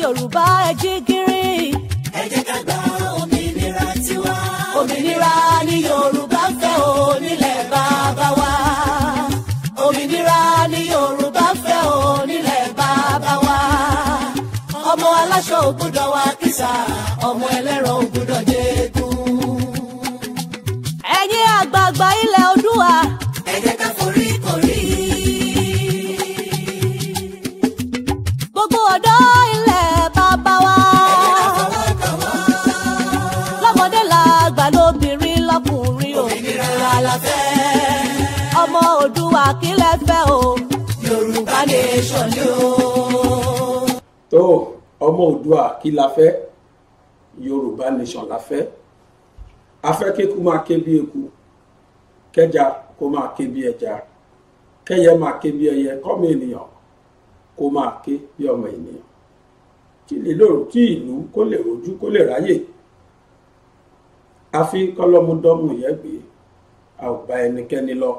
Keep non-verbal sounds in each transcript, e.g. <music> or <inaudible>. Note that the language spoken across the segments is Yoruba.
Yorùbá ẹ jí gìrì. ẹ jẹ́ ká gba òmìnira tiwa. òmìnira ni Yorùbá ń fẹ́ o nílẹ̀ bàbá wa. òmìnira ni Yorùbá fẹ́ o nílẹ̀ bàbá wa. ọmọ aláṣọ ò gbọ́dọ̀ kìsà ọmọ ẹlẹ́rọ ò fẹ́fẹ́ o yorùbá nation ni o. tó ọmọ òdua kí la fẹ́ yorùbá nation la fẹ́ afẹ́ kéku máa ké bí eku kẹja kó máa ké bí ẹja kẹyẹ máa ké bí ẹyẹ kọ́mọ ènìyàn kó máa ké bí ọmọ ènìyàn kí ìlú kó lè rojú kó lè ráyè àfi kọlọmúdọmù yẹ gbé a ò bá ẹnikẹ́ni lọ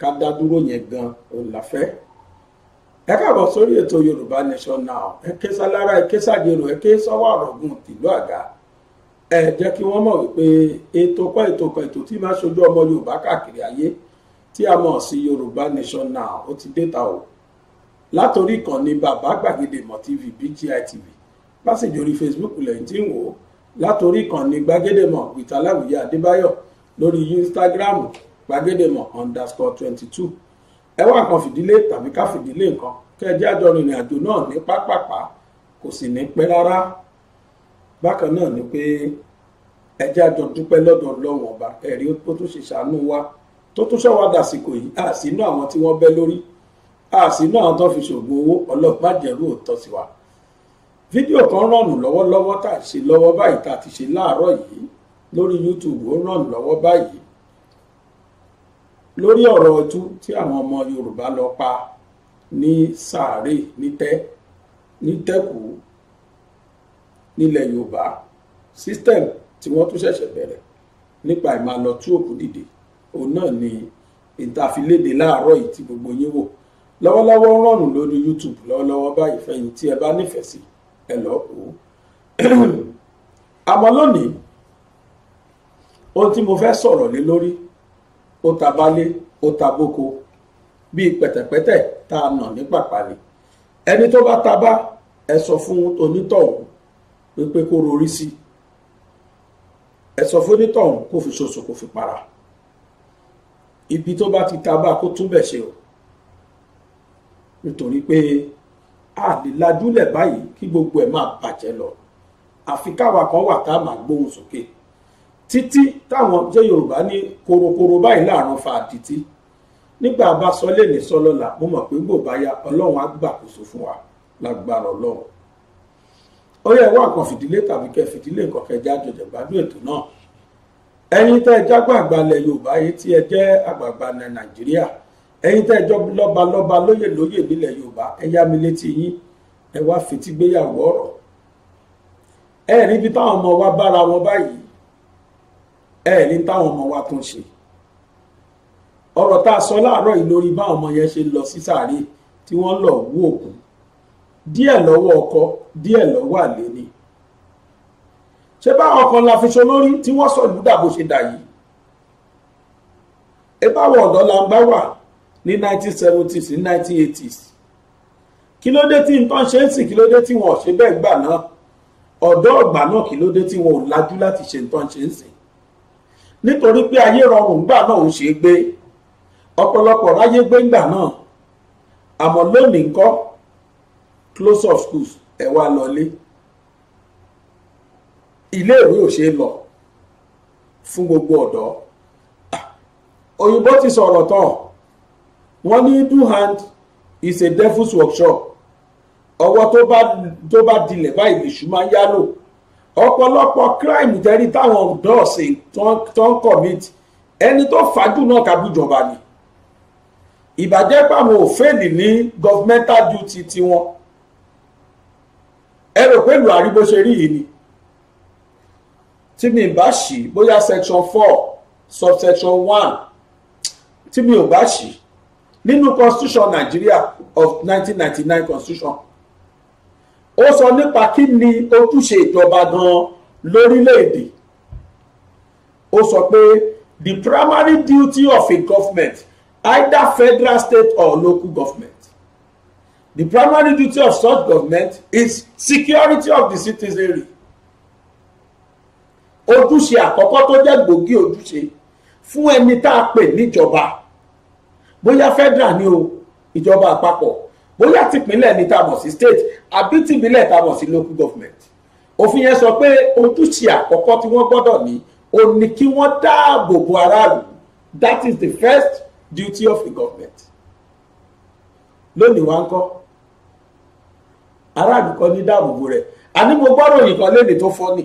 ká dá dúró yẹn gan òun la fẹ́ ẹ káàbọ̀ sórí ètò yorùbá nation now ẹ ké sálára ẹ ké sàjèrò ẹ ké sọ́wọ́ àrọ̀gùn tìlú àga ẹ jẹ́ kí wọ́n mọ̀ wípé ètò kan ètò kan ètò tí máa ṣojú ọmọ yorùbá káàkiri ayé tí a mọ̀ sí yorùbá nation ó ti dé o látòrí ìkànnì bàbá gbàgede mọ̀ tv BGI TV pásìjì orí facebook lẹ́yìn tí ń wò ó látòrí ìkànnì gbàgede mọ̀ wìtàláwìyé adébáyọ̀ lórí instagram gbàgédèmọ̀ underscore twenty two ẹ wá nǹkan fìdílé tàbí ká fìdílé nǹkan kẹjẹ àjọ rìnrìn àjò náà ní pápápá kò sì ní pẹ́ rárá bákan náà ni pé ẹjẹ àjọ dúpẹ́ lọ́dọ̀ Ọlọ́run ọba ẹ̀rí ó tún ṣe ṣàánú wa tó tún ṣọwọ dàsìkò yìí a sì nú àwọn tí wọ́n bẹ́ lórí a sì nú àwọn tó fi ṣògùn owó ọlọ́pàá jẹrú òótọ́ sí wa fídíò kan rọrùn lọ́wọ́lọ́wọ́ tá a ṣe lọ́wọ́ báyìí tá a ti ṣe láàárọ̀ yìí lórí YouTube ó rọrùn lọ́wọ́ báyìí lórí ọ̀rọ̀ ọtú tí àwọn ọmọ Yorùbá lọ pa ní sàárè nítẹ́ nítẹ́kù nílẹ̀ Yorùbá system tí wọ́n tún ṣẹ̀ṣẹ̀ bẹ̀rẹ̀ nípa ìmàlọ́ tú òkú dìde òun náà ni ìtàfilédè láàárọ̀ yìí tí gbogbo yín wò lọ́wọ́lọ́wọ́ ń rọrùn lórí YouTube lọ́wọ́lọ́wọ́ báyìí fẹ́yìn tí ẹ bá nífẹ̀ẹ́ sí ẹ lọ kó <clears throat> àmọ́ lónìí ohun tí mo fẹ́ sọ̀rọ̀ lé lórí ó ta bálé ó ta bóko bíi pẹ̀tẹ̀pẹ́tẹ̀ tá a nà ní pàpàlẹ̀ ẹni tó bá ta bá ẹ sọ fún onítọ̀hún wípé kó rorí sí ẹ sọ fún onítọ̀hún kó fi ṣoṣo kó fi para ibi tó bá ti ta bá kó tún bẹ̀ ṣe o nítorí pé a lè lajúlẹ̀ báyìí kí gbogbo ẹ̀ máa bàjẹ́ lọ àfi káwa kan wà ká máa gbóhùn sókè. Okay títí táwọn jẹ́ yorùbá ní korokoro báyìí láàrún fa àdìtí nígbà bá sọ lẹ́ni sọ lọ́la mo mọ̀ pé gbò bá ya ọlọ́run á gbàkóso fún wa lágbára ọlọ́run ó yẹ wá nǹkan fìdílé tàbí kẹ fìdílé nǹkan kẹjá jọjọ gbádùn ètò náà ẹ̀yin tẹ́ ẹ jágbọ́n àgbàlẹ̀ yorùbá yìí tí ẹ jẹ́ àgbààgbà nàìjíríà ẹ̀yin tẹ́ ẹ jọ lọ́ba lọ́ba lóyè lóyè yorùbá ẹ yá mi létí yín ẹ wá fetí gbéyàwó ọ̀rọ̀ ẹ rí ibi táwọn ọmọ wa bára wọn báyìí ẹ ní táwọn ọmọ wa tó ń ṣe ọ̀rọ̀ tá a sọ láàárọ̀ yìí lórí báwọn ọmọ yẹn ṣe lọ sí sàárè tí wọ́n lọ wú òkú díẹ̀ lọ́wọ́ ọkọ díẹ̀ lọ́wọ́ àlè ni ṣé báwọn kan la fi ṣe olórí tí wọ́n sọ ìlú dàbò ṣe dà yìí ẹ báwọn ọ̀dọ́ la ń bá wà ní 1970s ní 1980s kí ló dé tí nǹkan ṣe ń sìn kí ló dé tí wọn ò ṣe bẹ́ẹ̀ gbà náà ọ̀dọ́ ọ̀gbà náà kí ló dé tí wọn ò lajú láti ṣe nǹkan ṣe ń sìn nítorí pé ayé rọrùn ńgbà náà ò ṣe é gbé ọ̀pọ̀lọpọ̀ ráyé gbé ńgbà náà àmọ́ lónìí ńkọ́ close of schools ẹ̀ wá lọlé iléèwé ò ṣe é lọ fún gbogbo ọ̀dọ́ òyìnbó ti sọ̀rọ̀ tán wọ́n ní do hand is a devil's workshop ọwọ́ tó bá dilẹ̀ báyìí lè ṣùgbọ́n yálò ọ̀pọ̀lọpọ̀ crime tẹ́rí táwọn ọ̀dọ́ ṣe tó ń commit ẹni tó fàájú náà kábùjọba ni ìbàjẹ́ pàmò òfèèlì ní governmental duty tiwọn ẹ rò pé ìlú àríbó ṣe rí yìí ni tí mi bá ṣì bóyá section four subsection one tí mi ò bá ṣì nínú constitution Nigeria of nineteen ninety nine constitution ó sọ nípa kí ni ojúṣe ìjọba gan-an ó sọ pé the primary duty of a government either federal state or local government the primary duty of such government is security of the citizenry ojúṣe àkọ́kọ́ tó jẹ́ gbòógì ojúṣe fún ẹni tá a pè níjọba bóyá federal ni o ìjọba àpapọ̀ bóyá tìpínlẹ̀ ní tàbọ̀ sí state àbí tìbílẹ̀ tàbọ̀ sí local government òfin yẹn sọ pé ojúṣe àkọ́kọ́ tí wọ́n gbọ́dọ̀ ní ó ní kí wọ́n dáàbò bo aráàlú that is the first duty of the government lónìí wá ń kọ́ aráàlú kan ní dáàbò bo rẹ̀ àní mo gbọ́dọ̀ òyìn kan léde tó fọ́ ni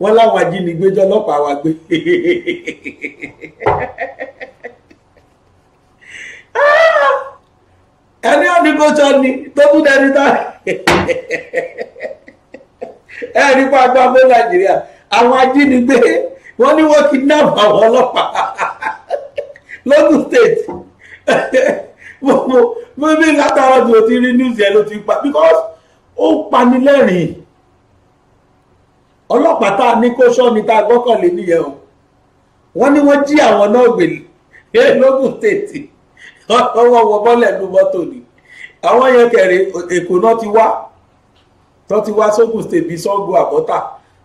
wọ́n láwọn ajínigbé jọ ọlọ́pàá wa gbé <laughs> ẹni ọdún kò sọ ni tó tún dẹni tá ẹ rí pa àgbà fún nàìjíríà àwọn ajínigbé wọn ní wọn kidnap àwọn ọlọ́pàá lọ́gùn state mo mo bí látara tí o ti rí news yẹn ló ti pa because ó pani lẹ́rìn ọlọ́pàá tá a ní kó sọ ni tá a gbọ́kànlé nìyẹn o wọ́n ní wọ́n jí àwọn náà gbèlè lọ́gùn state wọ́n wọ bọ́lẹ̀ lu mọ́tò ni àwọn yẹn kẹrẹ èkó náà ti wá tó ti wá sókùn tèbí Ṣàngó àbọ́tà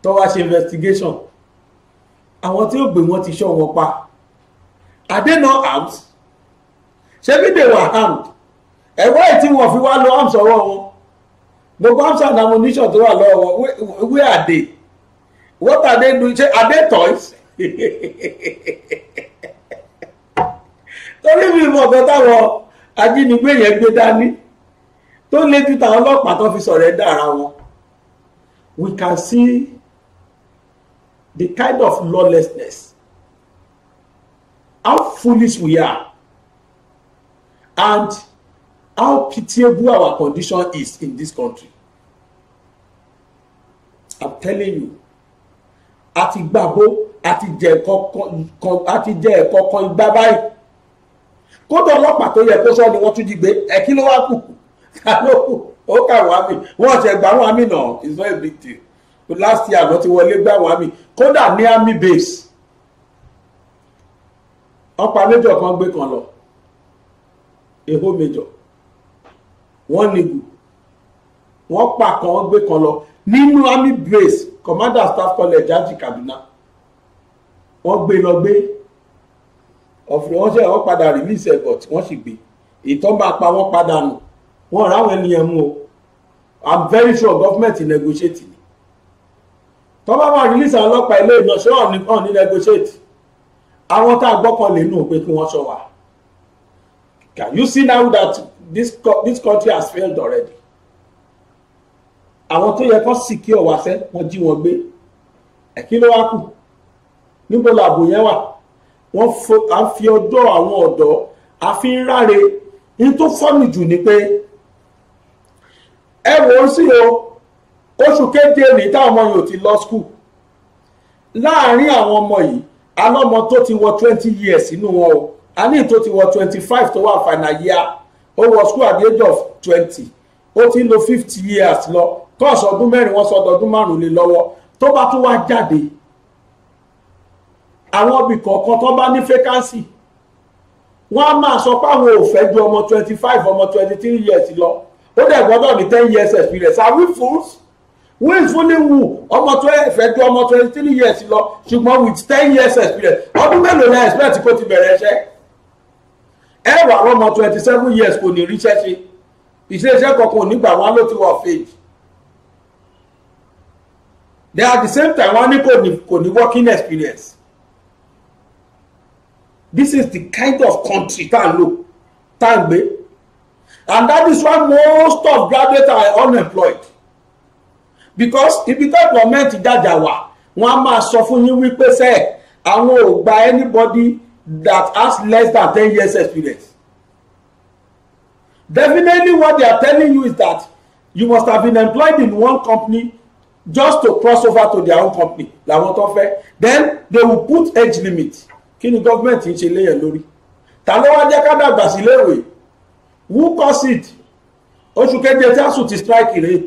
tó wá ṣe investigation àwọn tí ó gbé wọn ti ṣọ́ wọn pa are they not armed ṣebí they were armed ẹ̀wọ́ ẹ̀ tí wọ́n fi wá lọ arms ọwọ́ wọn gbogbo arms and ammunition tó wà lọ́wọ́ where are they what are they doing ṣe are they toys <laughs> torí mi mọ̀ ọ̀gá táwọn ajínigbé yẹn gbé dání tó lé ju táwọn ọlọ́pàá tó fi sọ̀rọ̀ ẹ̀ dára wọn we can see the kind of lawlessness how foolish we are and how pitiable our condition is in this country i'm telling you àti gbàgbó àti jẹ ẹ̀kọ́ kan àti jẹ ẹ̀kọ́ kan igbá báyìí kódà ọlọ́pàá tó yẹ kó sọ ni wọ́n tún jí gbé ẹ̀ kí ló wá kù ká ló kù ó kà wá mi wọ́n ti ẹgbàá wọn mi nà it's not a big deal last year wọ́n ti wọlé gbá wọn mi kódà ní army base wọ́n pa méjọ kan gbé kan lọ èho méjọ wọ́n nìgù wọ́n pa kan wọ́n gbé kan lọ nínú army base commander staff college ajì kaduna wọ́n gbé lọ gbé ọ̀fìn wọn ṣe àwọn padà release ẹ̀ but wọ́n sì gbé ìtọ́ bá pa wọ́n padà nù wọ́n ráwọn ènìyàn mú o i'm very sure government negotiate ni tọ́ máa release àwọn ọlọ́pàá ilé ìnáṣẹ́ ọ̀nì ọ̀nì negotiate àwọn tá a gbọ́kàn lè nù pé kí wọ́n sọ wá can you see now that this, this country has failed already àwọn tó yẹ kó secure wá sẹ́ wọ́n jí wọn gbé ẹ̀kí ló wá kù níbo làbò yẹn wà wọ́n á fi ọjọ́ àwọn ọ̀dọ́ á fi ń ráre ní tó fọ́nì jù ni pé ẹ wò ó sí o oṣù kéde rèé táwọn ọmọ yìí ò ti lọ skul láàárín àwọn ọmọ yìí alọ́mọ tó ti wọ twenty years nínú wọn o a ní tó ti wọ twenty five tó wà final year ó wọ skul at the age of twenty ó ti ń lo fifty years lọ kọ́ọ̀sì ọdún mẹ́rin wọ́n sọ ọdọọdún márùn-ún lé lọ́wọ́ tó bá tún wá jáde àwọn ibì kọ̀ọ̀kan tó bá ní fẹ́kánsì wọ́n á máa sọ pé àwọn ò fẹ́ ju ọmọ twenty five ọmọ twenty three years lọ ó dẹ̀ gbọ́dọ̀ ní ten years experience are we fools wíìlì fúnniwù ọmọ tó fẹ́ ju ọmọ twenty three years lọ ṣùgbọ́n with ten years experience ọdún mélòó la expect kó ti bẹ̀rẹ̀ iṣẹ́ ẹ wà rọmọ twenty seven years kò ní ríṣẹ́ ṣe ìṣeṣẹ́ kankan ò ní gbà wọ́n ló ti wọ̀ fèèjì they are the same time wọ́n ní kò ní working experience this is the kind of country tá à ń lò and that is why most of graduates are unemployed because ibi tó government jàjà wà wọ́n á máa sọ fún yín wípé sẹ àwọn ò gba anybody that has less than ten years experience definitely what they are telling you is that you must have been employed in one company just to cross over to their own company làwọn tó fẹ́ then they will put age limit kí ni gọ́ọ̀mẹ̀ntì ń ṣe léyàn lórí ta ló wá jẹ́ ká dàgbà síléèwé who caused it oṣù keje tí asu ti strike rèé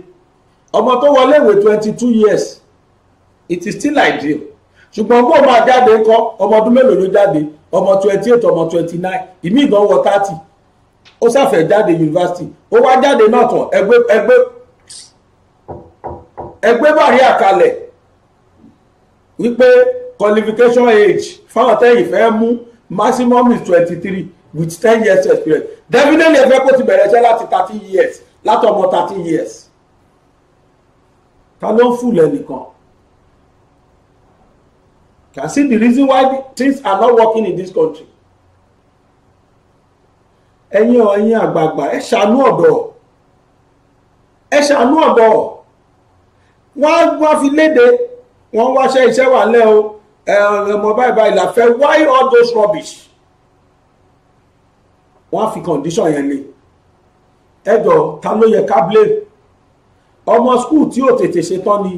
ọmọ tó wọlé ìwé twenty two years it is still ideal ṣùgbọ́n bó máa jáde ńkọ́ ọmọ ọdún mélòó ló jáde ọmọ twenty eight ọmọ twenty nine ìmí ìgbọ́n wọ thirty ó ṣàfẹ́ jáde yunifásitì ó wá jáde náà tán ẹgbẹ́ ẹgbẹ́ ẹgbẹ́ bàrí àkàlẹ̀ wípé qualification age fáwọn tẹ́yìn fẹ́ mú maximum is twenty three with ten years experience definitely ẹ fẹ́ kó ti bẹ̀rẹ̀ iṣẹ́ láti thirty years látọmọ thirty years ta ló ń fùlẹ̀ nìkan can see the reason why things are not working in this country ẹ̀yin ẹ̀yin àgbààgbà ẹ ṣàánú ọ̀dọ́ ẹ ṣàánú ọ̀dọ́ wọ́n wá fi léde wọ́n wáṣẹ́ iṣẹ́ wà lẹ́ o Eh, ọmọ báyìí báyìí la fẹ́ why all those rubbish wọ́n á fi condition yẹn ni ẹjọ́ ta ló yẹ ká blame ọmọ skul tí ò tètè ṣetán ni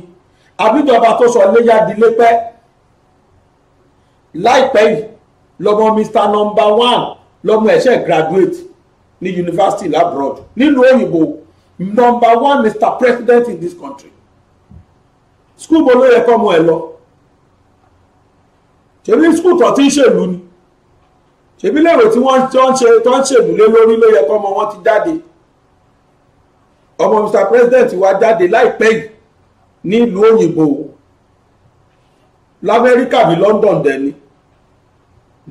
àbíjọba tó sọ léyà dílé pẹ́ láìpẹ́ yìí lọ́mọ mr number one lọ́mọ ẹ̀ṣẹ̀ graduate ní university labroad nílùú òyìnbó number one mr president in this country skul bo ló yẹ kọ́ ọmọ ẹ lọ ṣebí skul tó ti ń ṣèlú ni ṣebí lèrò tí wọ́n tó ń ṣèlú lé lórí ló yẹ kọ́mọ wọn ti jáde ọmọ Mr President wa jáde láìpẹ́ yìí nílùú òyìnbó l'Amẹ́ríkà ní London dẹ̀ ni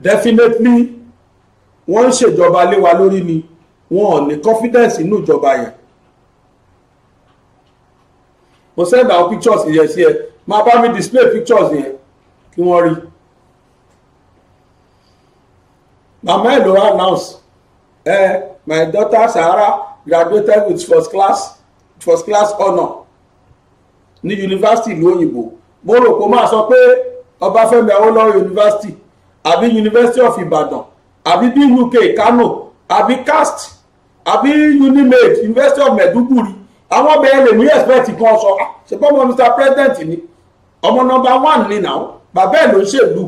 definitely wọ́n ń ṣèjọba lé wa lórí ni wọn ò ní confidence inú ìjọba yẹn mo send àwọn pictures yẹn sí ẹ máa bá mi display pictures yẹn kí wọ́n rí i. mama elowa announce eh, my daughter sahara graduated with first class first class honour ní yunifásitì ìlú òyìnbó mo rò pé máa sọ pé ọbáfẹ́mi awólọ́wọ̀ yunifásitì àbí university of ibadan àbí buk kano àbí cast àbí unimed university of maiduguri àwọn ọbẹ̀ yẹn lè ní expect kan sọ ah, ṣùgbọ́n ọmọ mr president ni ọmọ number one ni now bàbá ẹ̀ ló ń ṣèlú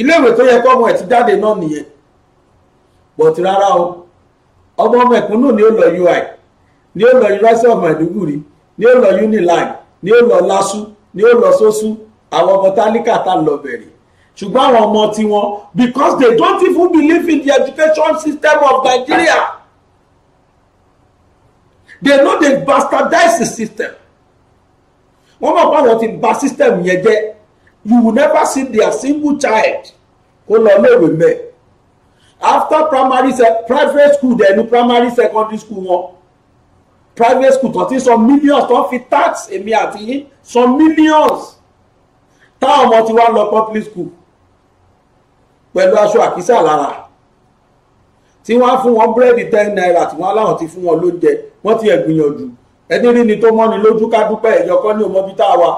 iléèwé tó yẹ kọ́ ọmọ ẹ̀ ti jáde náà nìyẹn but rárá o ọmọ mẹ̀kúnnù ni ó lọ UI ni ó lọ University of Maiduguri ni ó lọ Unilag ni ó lọ LASU ni ó lọ SOSU àwọn ọmọ tálíkà tá lọ bẹ̀rẹ̀ ṣùgbọ́n àwọn ọmọ tiwọn because they don't even believe in the education system of Nigeria they know they bastardize the system wọ́n mọ̀ pé àwọn ti bà system yẹn jẹ́ you will never see their single child kó lọ léèwé mẹ́ẹ̀ after primary private school dẹ̀ no primary secondary school wọn private school tó ti millions tó fi tax èmi àti yín sọ millions táwọn ọmọ ti wá lọ public school pẹ̀lú aṣọ àkísà lára tí wọ́n á fún wọn búrẹ́dì ten naira tí wọ́n aláwọ̀n ti fún wọn lóúnjẹ wọ́n ti ẹ̀ gbìyànjú ẹni rí ni tó mọ́ni lójú ká dúpẹ́ ìyọkọ́ ní òmọ́bí tá a wà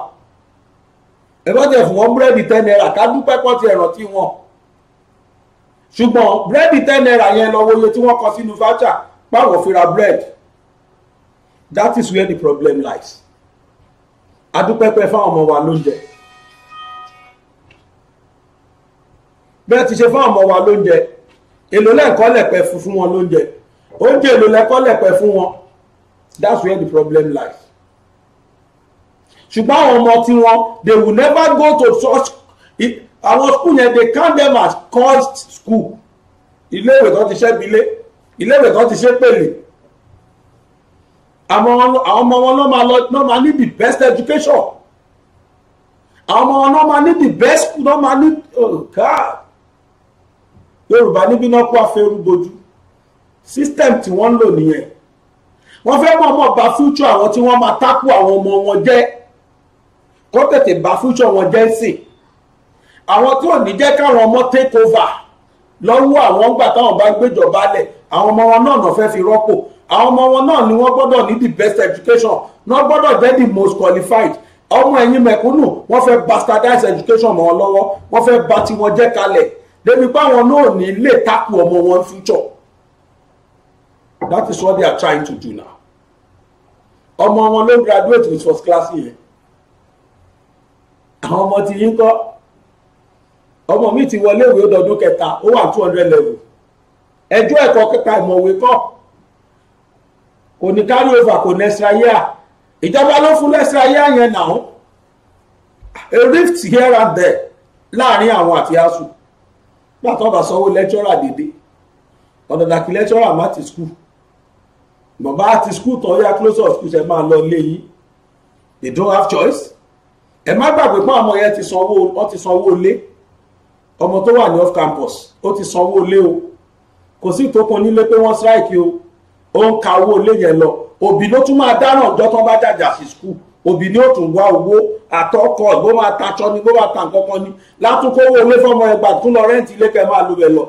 ẹ bá jẹ́ fún wọn búrẹ́dì ten naira ká dúpẹ́ pọ́ ti ẹ̀ràn tí wọn ṣùgbọ́n búrẹ́dì ten naira yẹn lọ wo iye tí wọ́n kọ sínú fájà páwọ̀ fira bread that is where the problem lies adúpẹ́pẹ́ fáwọn ọmọ wa lóúnjẹ bẹ́ẹ̀ ti ṣe fáwọn ọmọ wa lóúnjẹ èlò lẹ́ẹ̀kọ́ lẹ̀pẹ́ fún wọn lóúnjẹ oúnjẹ èlò lẹ́ẹ̀kọ́ lẹ̀pẹ́ fún wọn that's where the problem lies ṣùgbọ́n àwọn ọmọ tiwọn they will never go to church àwọn school yẹn they count them as cost school iléèwé tó ti ṣe bilé iléèwé tó ti ṣe pèlè àwọn ọmọ wọn ló máa lọ ló máa ní the best education àwọn ọmọ wọn ló máa ní the best ló máa ní oh God Yorùbá níbí náà kó afẹ́rú bojú system tí wọ́n ń lò nìyẹn wọ́n fẹ́ mọ̀ mọ̀ bà future àwọn tí wọ́n máa tákù àwọn ọmọ wọn jẹ́ kó tètè bà future wọn jẹ́ sí i àwọn tí ò ní jẹ́ káwọn ọmọ take over lọ́wọ́ àwọn gbà táwọn bá gbéjọba lẹ̀ àwọn ọmọ wọn náà náà fẹ́ fi rọ́pò àwọn ọmọ wọn náà ni wọ́n gbọ́dọ̀ ní the best education náà gbọ́dọ̀ jẹ́ the most qualified ọmọ ẹ̀yin mẹ̀kúnnù wọ́n fẹ́ bastardize education mọ́ wọn lọ́wọ́ wọ́n fẹ́ bà tiwọn jẹ́ kalẹ̀ débi pé àwọn náà ní lè takò ọmọ wọn future that is what they are trying to do now ọmọ wọn ló graduate with first class yẹn àwọn ọmọ ti yín kọ́ ọmọ mi ti wọlé ìwé ọdọọdún kẹta ó wà two hundred level ẹjọ́ ẹ̀kọ́ kẹta ìmọ̀wé kọ́ kò ní carry over kò ní extra year ìjọba ló fún extra year yẹn náà a rift here and there láàrin àwọn àti asu pàtó ọba sanwó lecturer dédé ọ̀dọ̀dà kí lecturer má ti school bàbá àti school tó yá close of school ṣe máa lọ ilé yìí they don't have choice ẹ má gbàgbé pé àwọn ọmọ yẹn ti sanwó ilé ọmọ tó wà ní off campus ó ti sanwó ilé o kò sí ìtókun nílé pé wọ́n strike o ó ń ka owó ilé yẹn lọ òbí ló tún máa dáràn ọjọ́ tó bá jàjà sí skul òbí ni ó tún wá owó àtọkọ ló máa taṣọ ni ló máa ta nǹkan kan ni látúnkówó ilé fọmọ ẹgbà tún lọ rẹ́ǹtì ilé kẹ́ẹ̀ máa lo bẹ̀ lọ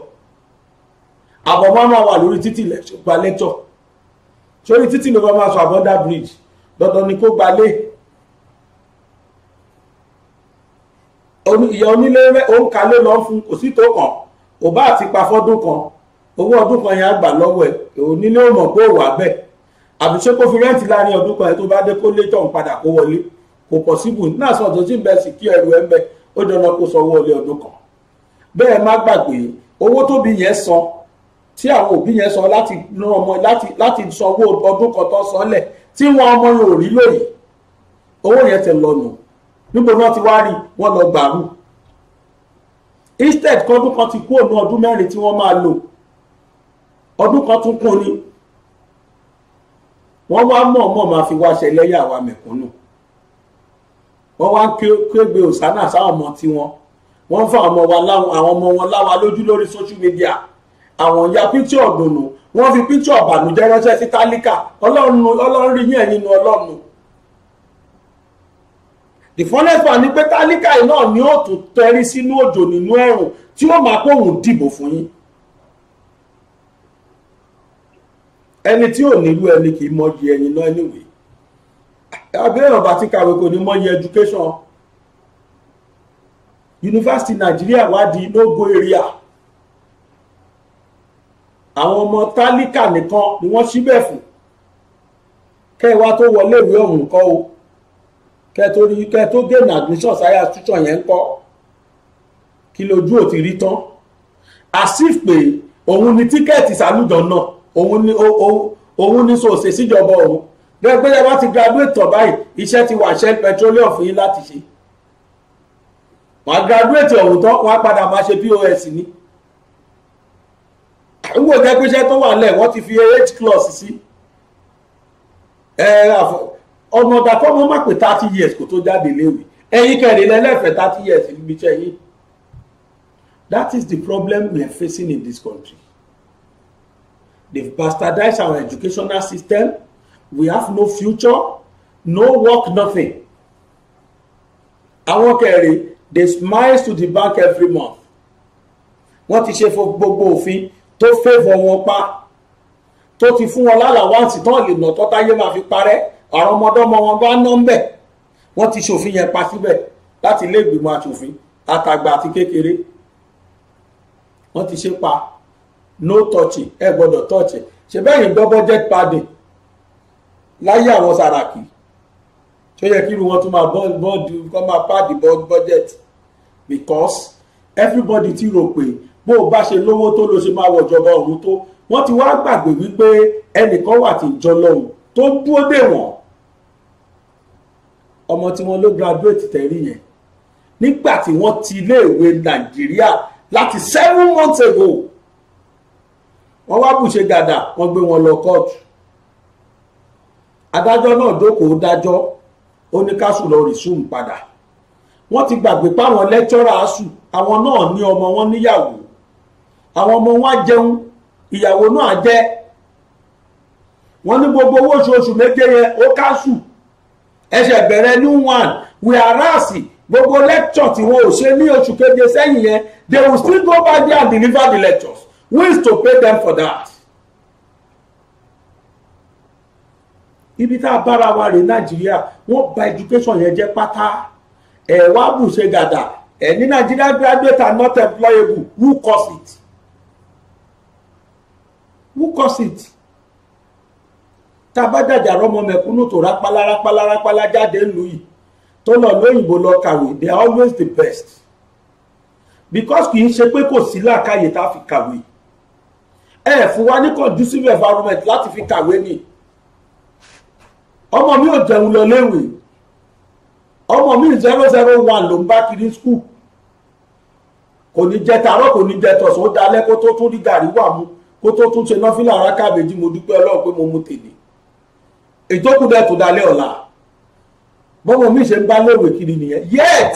àbọ̀mọ́ máa wà lórí títì gba lẹ́tọ̀ sórí títì ló máa sọ àbọ̀dá bridge dandan ni kó gbalé ìyá onílé òǹkà ló lọ fún kò sí tó kàn kò bá àti pa fọ́dún kan owó ọdún kan yẹn á gbà lọ́wọ́ ẹ̀ onílé ò mọ̀ pé ò wà bẹ́ẹ̀ àbí ṣé kó fi rẹ́ǹtì láàrin ọdún kan ẹ̀ tó bá dé kó lé tọ̀hún padà kó wọlé kò pọ̀ síbù náà sọ tó ti ń bẹ sí kí ẹrù ẹ̀ ń bẹ ó dandan kó sọ owó ọlé ọdún kan bẹ́ẹ̀ má gbàgbé owó tóbi yẹn san tí àwọn òbí yẹn san láti ran ọmọ láti láti san owó ọdún kan tó sanlẹ̀ tí wọn ọmọ yẹn ò rí lóyè owó yẹn ti lọ níbo náà ti wá rí wọn lọ gbàrú instead kọdún kan ti kú ònú ọdún mẹ́rin tí wọ́n máa lò ọdún kan tún kún ni wọ́n wá mọ̀ọ́mọ̀ máa fi wá ṣẹlẹ́yà wa mẹ̀kúnnù wọ́n wá ń kégbé òsánà sáwọn ọmọ tiwọn wọ́n ń fa ọmọ wa láwọn àwọn ọmọ wọn láwa lójú lórí social media àwọn ya pítsọ̀ ọ̀dùnnù wọ́n fi pítsọ̀ ọ̀bànújẹ́ ránṣẹ́ sí tálíkà ọlọ́run ọlọ́run rí yín ẹ̀yìn nu ọlọ́run the funnest one ni pé tálíkà yìí náà ni ó tún tẹrí sínú òjò nínú ẹ̀rùn tí ó máa kóhùn dìbò fún yín ẹni tí ò nílú ẹni kì í mọyì ẹyin náà níwèé abẹ́rẹ́ ọba tí kàwé kò ní mọyì education yunifásitì nàìjíríà wádìí no go area àwọn ọmọ tálíkà nìkan ni wọ́n síbẹ̀ fún kẹ́ ẹ wá tó wọlé ìwé ọ̀hún kọ́ o kẹ́ẹ̀tó rí kẹ́ẹ̀tó gain admission sáyà tuntun yẹn ń kọ́ kí lójú ò ti rí tán asif pé òun ni tíkẹ́ẹ̀tì sálùjọ náà òun ni òun ni sòsè síjọba òun bẹ́ẹ̀ pé ẹ bá ti graduate tán báyìí iṣẹ́ ti wà Shell petroleum fún yín láti ṣe wàá graduate ọ̀hún tán wàá padà máa ṣe POS ni ìwò jẹ́ pé iṣẹ́ tó wà lẹ̀ wọ́n ti fi eight clause sí ẹ ọmọ ọ̀dà fọ́mọ má pé thirty years kò tó jáde léwu ẹ̀yin kẹrin lẹ́lẹ́fẹ̀ẹ́ thirty years níbi iṣẹ́ yín that is the problem we are facing in this country They bastardize our educational system we have no future no work nothing àwọn kẹrin they smile to the bank every month wọ́n ti ṣe gbogbo òfin tó fẹ́fọ̀ wọn pa tó ti fún wọn lálàáwáǹsì tán lè nà tọ́táyé máa fi parẹ́ àwọn ọmọdọ́mọ wọn bá ná ń bẹ̀ wọ́n ti ṣòfin yẹn pa síbẹ̀ láti ilé ìgbìmọ̀ aṣòfin àtàgbà àti kékeré wọ́n ti ṣe pa no touch ẹ gbọ́dọ̀ touch ṣe bẹ́yìn gbọ́ budget padding láyé àwọn sàràkì tí ó yẹ kí irú wọn tún máa bọ́ọ̀dù kọ́ máa pàdé budget because everybody ti rò pé bó o bá ṣe lówó tó ló ṣe máa wọ ìjọba ọ̀run tó wọ́n ti wá gbàgbé wípé ẹnìkan wà tí ń jọ lọ́hùn tó dúró dè wọ́n ọmọ tí wọ́n ló graduate tẹ̀rí yẹn nígbà tí wọ́n ti iléèwé nàìjíríà láti seven months ago wọ́n wá bùṣe gàdà wọ́n gbé wọn lọ kóòtù adájọ́ náà dókòó dájọ́ ó ní káṣù lọ rìsúùmù padà wọ́n ti gbàgbé páwọn lẹ́tọ́rà asù àwọn náà ní ọmọ wọn níyàwó àwọn ọmọ wọn á jẹun ìyàwó náà jẹ wọ́n ní gbogbo owó oṣooṣù méje yẹn ó káṣù ẹsẹ̀ bẹ̀rẹ̀ new one whereas gbogbo lecture tí wọn ò ṣe ní oṣù keje sẹ́yìn yẹn they will still go back there and deliver the lectures who is to pay them for that. ibi tá a bára wa rè nàìjíríà wọ́n bà education yẹn jẹ́ pátá ẹ wá bù ṣe gàdà ẹ ní nàìjíríà graduate are not employable who cause it who cause it tá a bá jàjà rọmọ mẹ̀kúnnù tó rápálá rápálá rápálá jáde ń lu yìí tó lọ lóyìnbó lọ kàwé they are always the best because kì í ṣe pé kò sí làákàyè tá a fi kàwé ẹ fún wa ní conducive environment láti fi kàwé ni ọmọ mi ò jẹun lọ léwe ọmọ mi zero zero one ló ń bá kiri school kò ní jẹ tàárọ̀ kò ní jẹ tọ̀sán ó dalẹ́ kó tó tún rí gàrí wà mú kó tó tún ṣe nọfìlà ara kábèjì mo dúpẹ́ Ọlọ́run pé mo mu tèmi ìjókòó dẹ̀ tó dalẹ́ ọ̀la bọ́mọ mi ṣe ń bá lóòwè kiri nìyẹn yet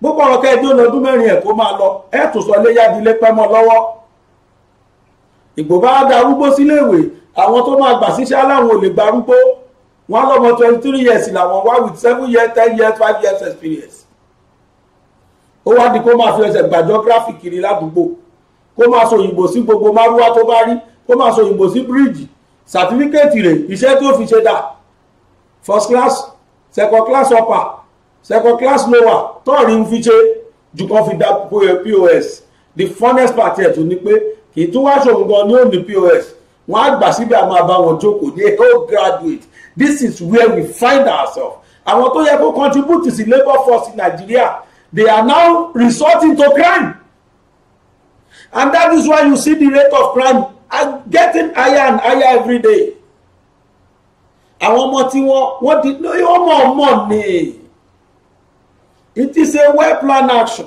gbogbo ọ̀rọ̀ kẹ́ ẹ dóná ọdún mẹ́rin ẹ̀ kó máa lọ ẹ̀ tó sọ ilé yádilé pẹ́mọ́ lọ́wọ́ ìgbòba da arúgbó síléèwé àwọn tó máa gbà síṣẹ́ aláwọn ò lè gba arúgbó wọn lọ́mọ twenty three years làwọn wá with seven years ten years five years experience ó wá di kó máa fi ẹsẹ̀ gbàjọ́ gíráfì kiri ládùúgbò kó máa sọ òyìnbó sí gbogbo márúwá tó bá rí kó máa sọ òyìnbó sí bíríìjì sàtífíkẹ́ẹ̀tì rẹ̀ iṣẹ́ tó fi ṣe dà first class second class upper second class lower tọ́ọ̀rì ń fi ṣe jù kan fi dá pos the funnest part ẹ̀ tó ní pé kì í tún wá ṣòun gan ni ó ní pos wọ́n á gbà síbi àmọ́ àbá wọn jókòó ní old graduate this is where we find ourselves àwọn tó yẹ kó contribute sí labour force in Nigeria they are now resorting to crime and that is why you see the rate of crime are getting higher and higher every day àwọn ọmọ tí wọ́n wọ́n di ọmọ ọmọ ni it is a well planned action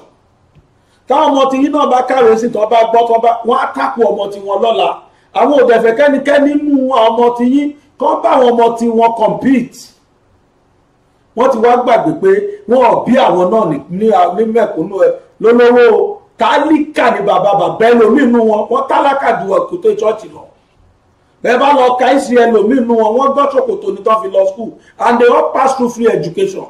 táwọn ọmọ tí yín náà bá kàwé sí tó bá gbọ́ tó bá wọ́n á tàkù ọmọ tí wọ́n lọ́la àwọn òdẹ̀fẹ̀ kẹ́nikẹ́ni mú ọmọ tí yín kọ́ bá àwọn ọmọ tí wọ́n compete wọ́n ti wá gbàgbé pé wọ́n ò bí àwọn náà ní mẹ̀kúnnù ẹ̀ lólówó tálíkà ni bàbá bàbá ẹlòmíì nù wọn wọ́n tálákà ju ọ̀kútó ìṣọ́ọ̀ṣì lọ bẹ́ẹ̀ bá lọ ka ìsìn ẹlòmíì nù wọn wọ́n gbọ́ ṣòkòtò ní tó fi lọ school and they all pass through free education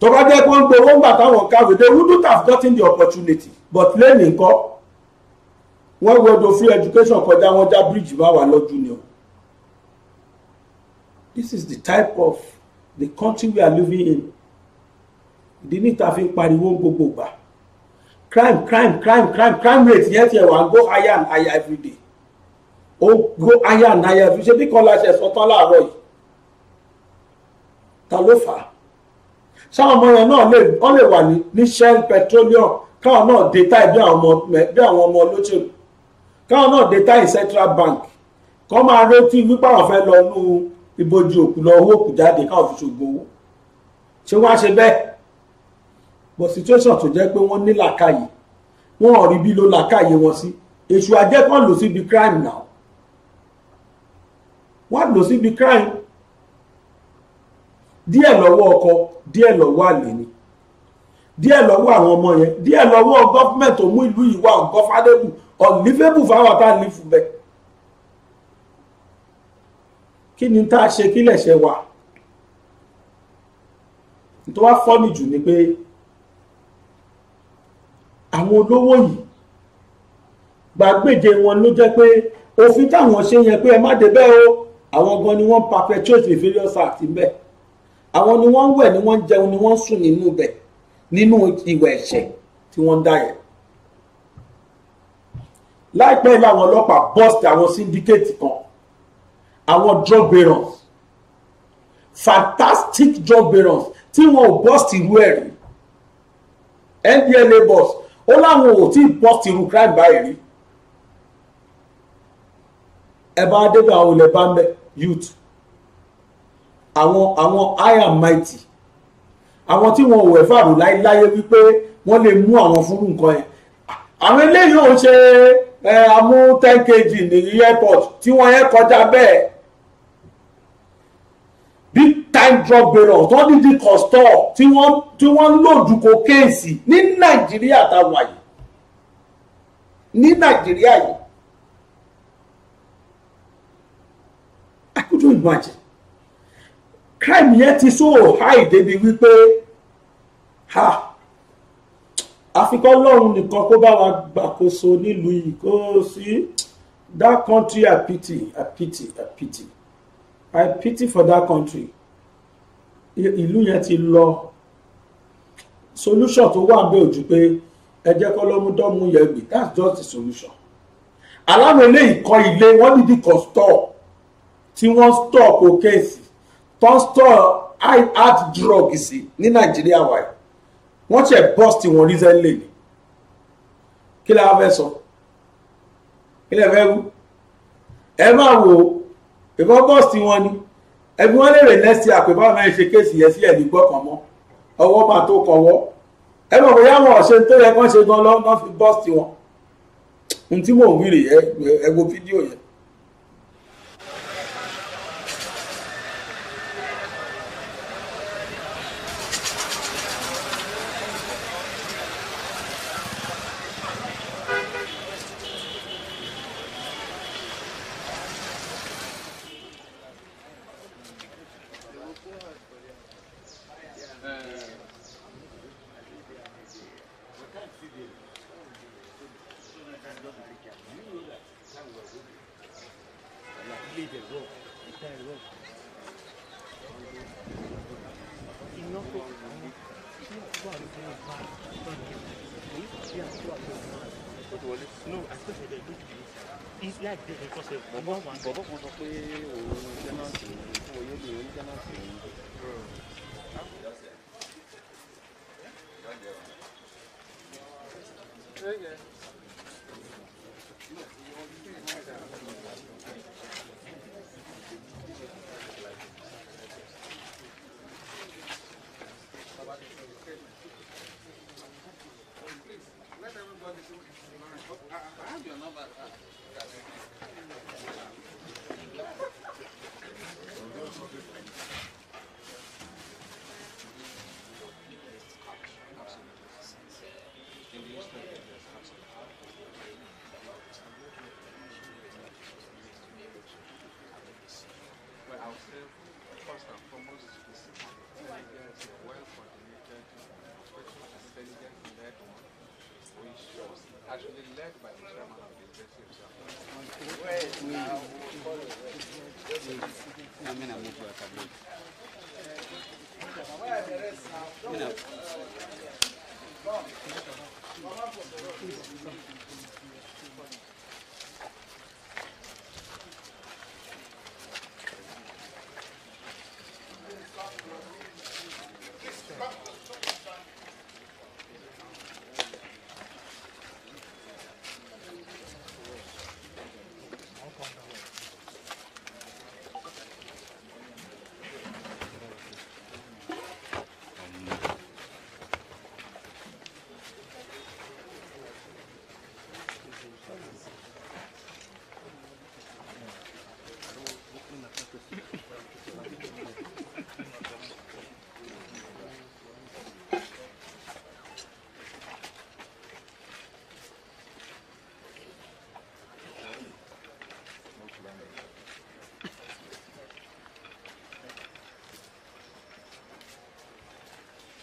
tó bá jẹ́ pé ń gbowó ń gbà táwọn kàwé they wouldn't have gotten the opportunity but lẹ́nìí nǹkan wọ́n wọ́dọ̀ free education kọjá wọn já bíríìjì bá wà lọ́jú ni o this is the type of the country we are living in ìdí níta fi ń pariwo gbogbo gbà crime crime crime crime crime rate yẹn tiẹ̀ wá go higher and higher every day ó go higher and higher every day ṣé bí kan láṣẹ sọ tán láàárọ̀ yìí ta ló fà á sáwọn ọmọ yẹn náà lè wọ́n lè wà ní shell petroleum káwọn náà dé táì bí àwọn ọmọ olóṣèlú káwọn náà dé táì central bank kọ́ máa retí wípé àwọn fẹ́ lọ nú ìbòjú òkú lọ owó òkú jáde káwọn fi ṣògbó owó ṣé wọ́n á ṣe bẹ́ẹ̀ but situation tó jẹ́ pé wọ́n ní làkàyè wọ́n ò rí bí ló làkàyè wọn sí èṣù àjẹkàn lò síbi crime náà wọ́n lò síbi crime díẹ̀ lọ́wọ́ ọkọ díẹ̀ lọ́wọ́ àlè ni díẹ̀ lọ́wọ́ àwọn ọmọ yẹn díẹ̀ lọ́wọ́ gọ́fúmẹ̀ntì tó mú ìlú yìí wá uncomfortable unlivable fáwọn tá a lè fún bẹ́ẹ̀. kí ni tá a ṣe kílẹ̀ ṣe wà tó wá fọ́nì jù ni pé àwọn olówó yìí gbàgbéje wọn ló jẹ́ pé òfin táwọn ṣe yẹn pé ẹ má débẹ̀ o àwọn gan ni wọ́n perpetuate various acts ńbẹ̀ àwọn ni wọ́n ń wẹ̀ ni wọ́n ń jẹun ni wọ́n ń sùn nínú bẹ̀ nínú ìwà ẹ̀ṣẹ̀ tí wọ́n ń dá yẹn láìpẹ́ làwọn ọlọ́pàá bust àwọn syndicate kan àwọn drug barons fantastic drug barons tí wọn ò bust irú ẹ̀ rí ndla boss ó láwọn ò tí ì bọ́ sí irú crime báyìí rí ẹ bá débẹ̀ àwọn olè bá ń bẹ youth àwọn àwọn I am mighty àwọn tí wọn ò wẹ̀ fàrò láéláyé wípé wọ́n lè mú àwọn fúnrú nǹkan yẹn àwọn eléyìí ò ṣe amú ten kg ní airport tí wọ́n yẹn kọjá bẹ́ẹ̀ big time drug barons tó dídí kọ̀stọ̀ tí wọ́n tí wọ́n lò ju cocaine sí ní nàìjíríà táwọn àyè ní nàìjíríà yìí I couldn't imagine crime yẹn ti so high débi wípé ha àfikọ́ lọ́run nìkan kó bá wa gbàkóso nílùú yìí kó sí that country I pity I pity I pity. I pity for that country ìlú yẹn ti lọ solution tó wà bẹ́ẹ̀ ojú pé ẹ jẹ́ kọ́ lọ́mú dọ́mú yẹn that's just the solution aláwọ̀ eléyìí kọ ilé wọ́n níbi kan store tí wọ́n store cocaine sí tó store hard drug sí ní nàìjíríà wáyé wọ́n ṣe bust wọn recently ni kí lè fẹ́ sọ kí lè fẹ́ wú ẹ máa wò because bọ́ọ̀sì wọn ni ẹbí wọn lè rè next year pé báwọn náà ṣe kéèsì yẹn sí ẹ̀mí gbọ́kàn mọ́ ọwọ́ máa tó kọwọ́ ẹ mọ̀ bóyá wọn ọ̀ṣẹ́ tó yẹ kán ṣe gan lọ́nà fi bọ́ọ̀sì wọn ohun tí mò ń wí rèé ẹ wo fídíò yẹn Yeah, yeah. actually led by the chairman of the university himself. i move a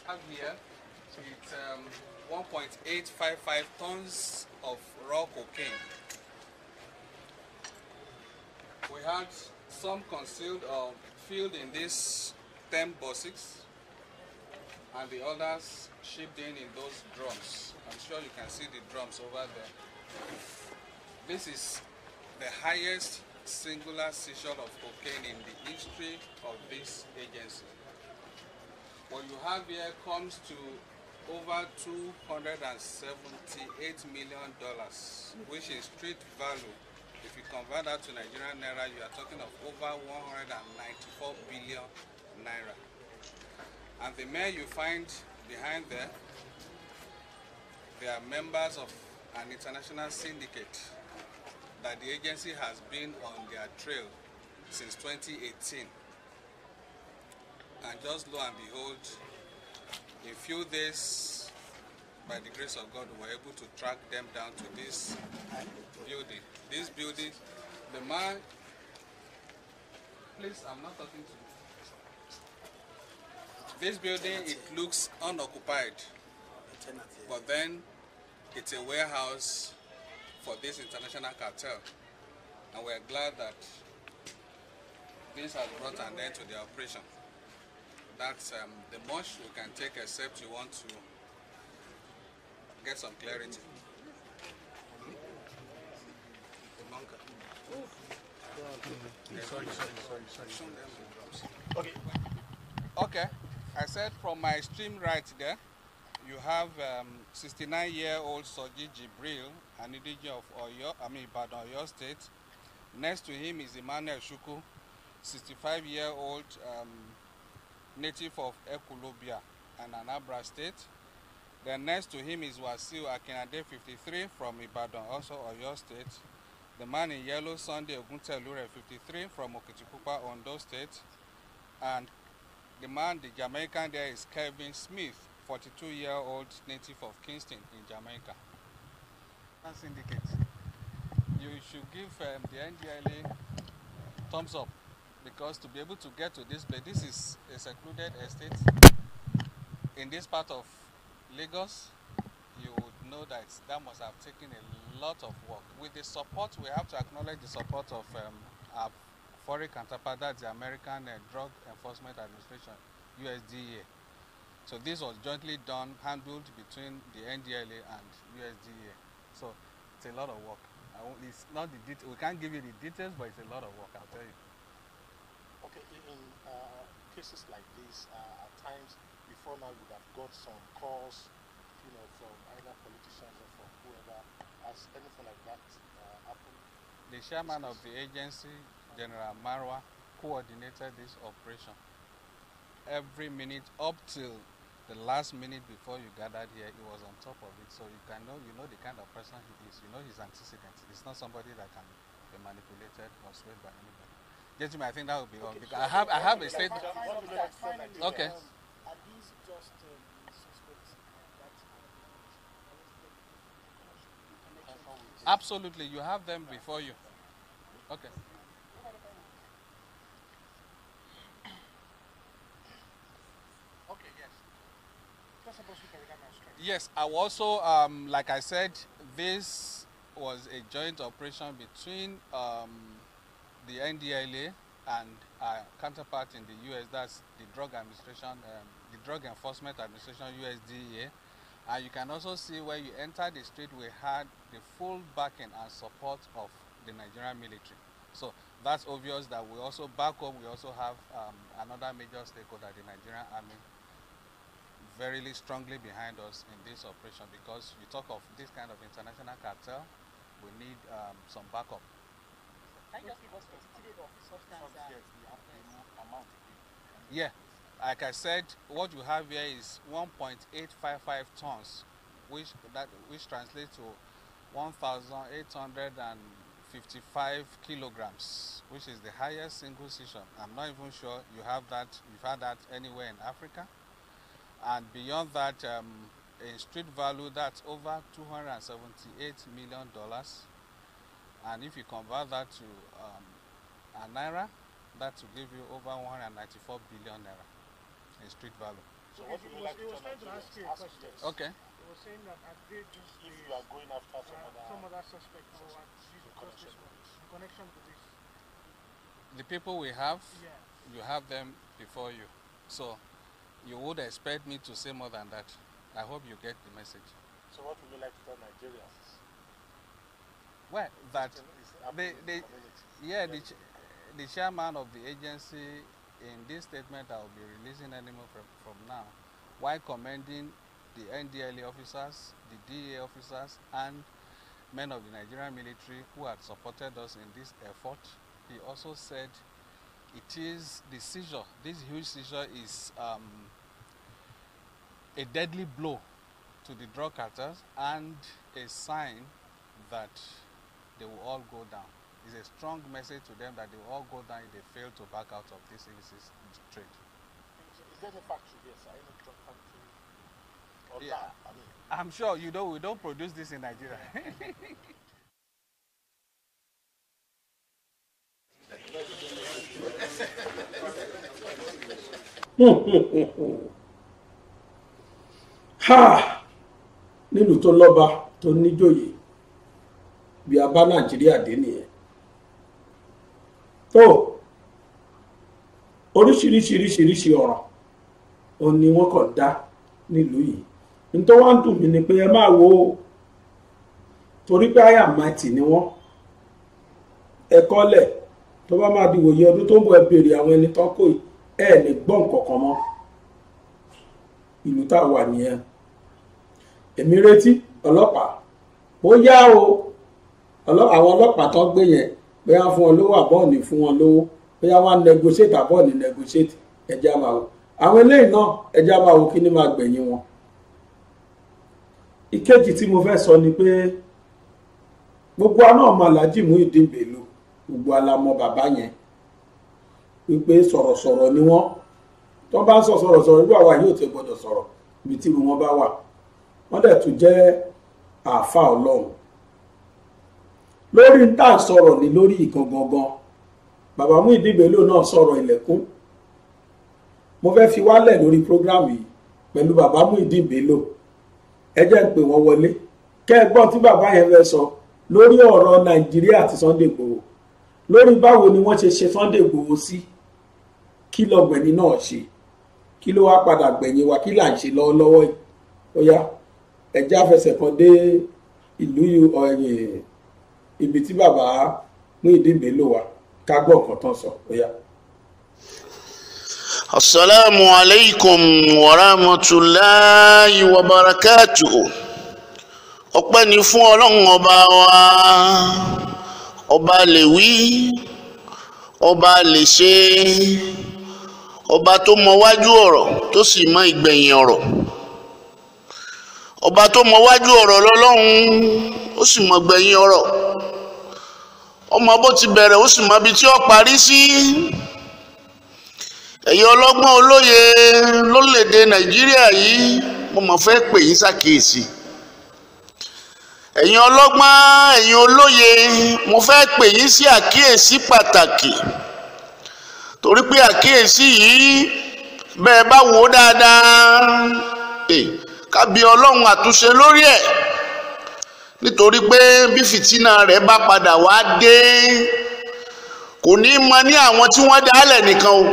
Have here it's um, 1.855 tons of raw cocaine. We had some concealed or uh, filled in these 10 buses and the others shipped in in those drums. I'm sure you can see the drums over there. This is the highest singular seizure of cocaine in the history of this agency. What you have here comes to over $278 million, which in street value, if you convert that to Nigerian Naira, you are talking of over 194 billion Naira. And the men you find behind there, they are members of an international syndicate that the agency has been on their trail since 2018. And just lo and behold, in few days, by the grace of God, we were able to track them down to this building. This building, the man, please, I'm not talking to you. This building, it looks unoccupied, but then it's a warehouse for this international cartel. And we're glad that this has brought an end to the operation. That's um, the most we can take except you want to get some clarity. Okay. Okay. I said from my stream right there, you have 69-year-old um, Sogi Soji Jibril, an indigenous of Oyo, I mean, pardon, Oyo State. Next to him is Emmanuel Shuku, 65-year-old um, native of Ekulobia and Anambra State. Then next to him is Wasiu Akinade, 53, from Ibadan, also Oyo State. The man in yellow, Sunday Oguntelure, 53, from Okitipupa, Ondo State. And the man, the Jamaican there is Kevin Smith, 42-year-old native of Kingston in Jamaica. That's indicates you should give um, the NDLA uh, thumbs up because to be able to get to this place, this is a secluded estate. In this part of Lagos, you would know that that must have taken a lot of work. With the support, we have to acknowledge the support of um, our foreign counterpart, that's the American uh, Drug Enforcement Administration, USDA. So this was jointly done, handled between the NDLA and USDA. So it's a lot of work. it's not the detail. We can't give you the details, but it's a lot of work. I'll tell you. Okay, in uh, cases like this, uh, at times before now, we would have got some calls, you know, from either politicians or from whoever. Has anything like that uh, happened? The chairman of the agency, General Marwa, coordinated this operation every minute up till the last minute before you gathered here, he was on top of it. So you can know, you know the kind of person he is. You know his antecedents. It's not somebody that can be manipulated or swayed by anybody. Gentlemen, I think that would be all. because I have, I have a statement. Okay. Absolutely, you have them before you. Okay. Yes, I also, um, like I said, this was a joint operation between um, the NDLA and our counterpart in the U.S., that's the Drug Administration, um, the Drug Enforcement Administration, USDA. And you can also see where you enter the street, we had the full backing and support of the Nigerian military. So that's obvious that we also back up, we also have um, another major stakeholder, the Nigerian Army, very strongly behind us in this operation because you talk of this kind of international cartel, we need um, some backup. Can you just give us of substance? Yeah. Like I said, what you have here is 1.855 tons, which that which translates to 1,855 kilograms, which is the highest single season. I'm not even sure you have that. You've had that anywhere in Africa. And beyond that, um, in street value, that's over $278 million. And if you convert that to um, a naira, that will give you over 194 billion naira in street value. So what would you like to ask you a question? Okay. He was saying that at they just if you are going after some, uh, other, some other suspect or at This in connection to this. The people we have, yeah. you have them before you. So you would expect me to say more than that. I hope you get the message. So what would you like to tell Nigerians? Well, that the, the, yeah, the, the chairman of the agency in this statement I will be releasing anymore from, from now, while commending the NDLA officers, the DA officers, and men of the Nigerian military who had supported us in this effort, he also said it is the seizure, this huge seizure is um, a deadly blow to the drug cartels and a sign that they will all go down. It's a strong message to them that they will all go down if they fail to back out of this illicit trade. Is there a factory there, sir? factory? yeah. I am sure you don't. we don't produce this in Nigeria. <laughs> <laughs> ha nílùú tó lọ́ba tó níjòyè bí a bá nàìjíríà dé nìyẹn tó oríṣiríṣiríṣiríṣi ọ̀ràn òun ni wọ́n kàn dá nílùú yìí nítorí wọ́n ń dùn mí ni pé ẹ máa wo torí pé àyà máìtì ni wọ́n ẹ̀kọ́ lẹ̀ tó bá máa di wòye ọdún tó ń bọ̀ ẹ béèrè àwọn ẹni tó kó ẹ̀ ní gbọ́n kankan mọ́ ìlú tá a wà nìyẹn èmi retí ọlọ́pàá ó yá o àwọn ọlọ́pàá tó gbé yẹn bóyá fún wọn lówó àbọ̀ọ̀nì fún wọn lówó bóyá wọn negotiate àbọ̀ọ̀nì negotiate ẹja máa wò àwọn eléyìí náà ẹja máa wò kí ni máa gbẹ̀yìn wọn. ìkejì tí mo fẹ́ sọ ni pé gbogbo aná ọmọ aláàjì Muyideen Bello gbogbo alamọ bàbá yẹn wípé sọ̀rọ̀sọ̀rọ̀ ni wọ́n tó bá ń sọ sọ̀rọ̀sọ̀rọ̀ irú àwa yóò ti gbọ́dọ̀ sọ̀rọ̀ ibi tí wọn bá wà wọ́n dẹ̀ tún jẹ́ àáfà ọlọ́run lórí tá à ń sọ̀rọ̀ ní lórí ìkan gangan bàbá Muyideen Bello náà sọ̀rọ̀ ilẹ̀kùn mo fẹ́ fi wálẹ̀ lórí program yìí pẹ̀lú bàbá Muyideen Bello ẹ jẹ́ ń pè wọ́n wọlé kẹ́ ẹ gbọ́n tí bàbá yẹn fẹ́ sọ lórí ọ̀rọ̀ Nàìjíríà àti Sunday Igboho lórí báwo ni wọ́n ṣe ṣe Sunday Igboho sí kí lọ́gbẹ̀ni náà ṣe kí ló wá padà gbẹ̀yìn wa kí là ń ṣe lọ́wọ́lọ́wọ́ yìí ó yá ẹjẹ́ àfẹsẹ̀ kan dé ìlú ọ̀yìn ibi tí bàbá Muyideen Bello wà ká gbọ́ nǹkan tán sọ bóyá. asalaamu aleykum wa rahmatulahi wa barakatuhu ọpẹ́ ni fún ọlọ́run ọba wa ọba lè wí ọba lè ṣe ọba tó mọ wájú ọ̀rọ̀ tó sì mọ ìgbẹ̀yìn ọ̀rọ̀. ọba tó mọ wájú ọ̀rọ̀ lọ́lọ́run ó sì mọ gbẹ̀yìn ọ̀rọ̀ ọmọ bó ti bẹ̀rẹ̀ ó sì mọ ibi tí ó parí sí ọlọ́gbọ́n olóye lórílẹ̀‐èdè nàìjíríà yìí mo mọ̀ fẹ́ pè yín ṣàkíyèsí ẹ̀yin ọlọ́gbọ́n olóye mo fẹ́ pè yín sí àkíyèsí pàtàkì torí pé àkíyèsí yìí bẹ́ẹ̀ bá wò eh, kábí ọlọ́run àtúnṣe lórí ẹ̀ nítorí pé bí fìtínà rẹ̀ bá padà wá dé kò ní í mọ ní àwọn tí wọ́n dálẹ̀ nìkan o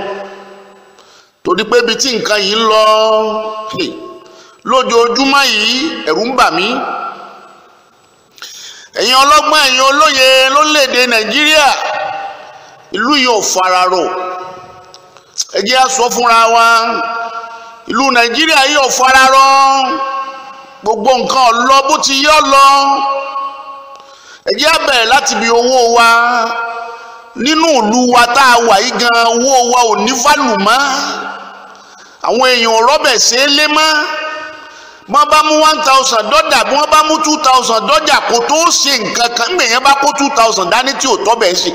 torí pé ibi tí nǹkan yìí ń lọ lójoojúmọ́ yìí ẹ̀rù ń bà mí ẹ̀yin ọlọ́gbọ́n ẹ̀yin olóye lórílẹ̀ nàìjíríà ìlú yìí ò fararọ̀ ẹ jẹ́ sọ fúnra wa ìlú nàìjíríà yóò fara rọ gbogbo nǹkan lọ bó ti yọ lọ ẹ jẹ́ á bẹ̀rẹ̀ láti ibi owó wa nínú ìlú wa tá a wà yìí gan owó wa ò ní fálù mọ́ àwọn èèyàn rọ́bẹ̀ ṣe é lé mọ́ wọ́n bá mú one thousand dọ́jà bí wọ́n bá mú two thousand dọ́jà kó tó ṣe nǹkan kan ń gbèyàn bá kó two thousand dání tí ò tọ́ bẹ́ẹ̀ ṣe.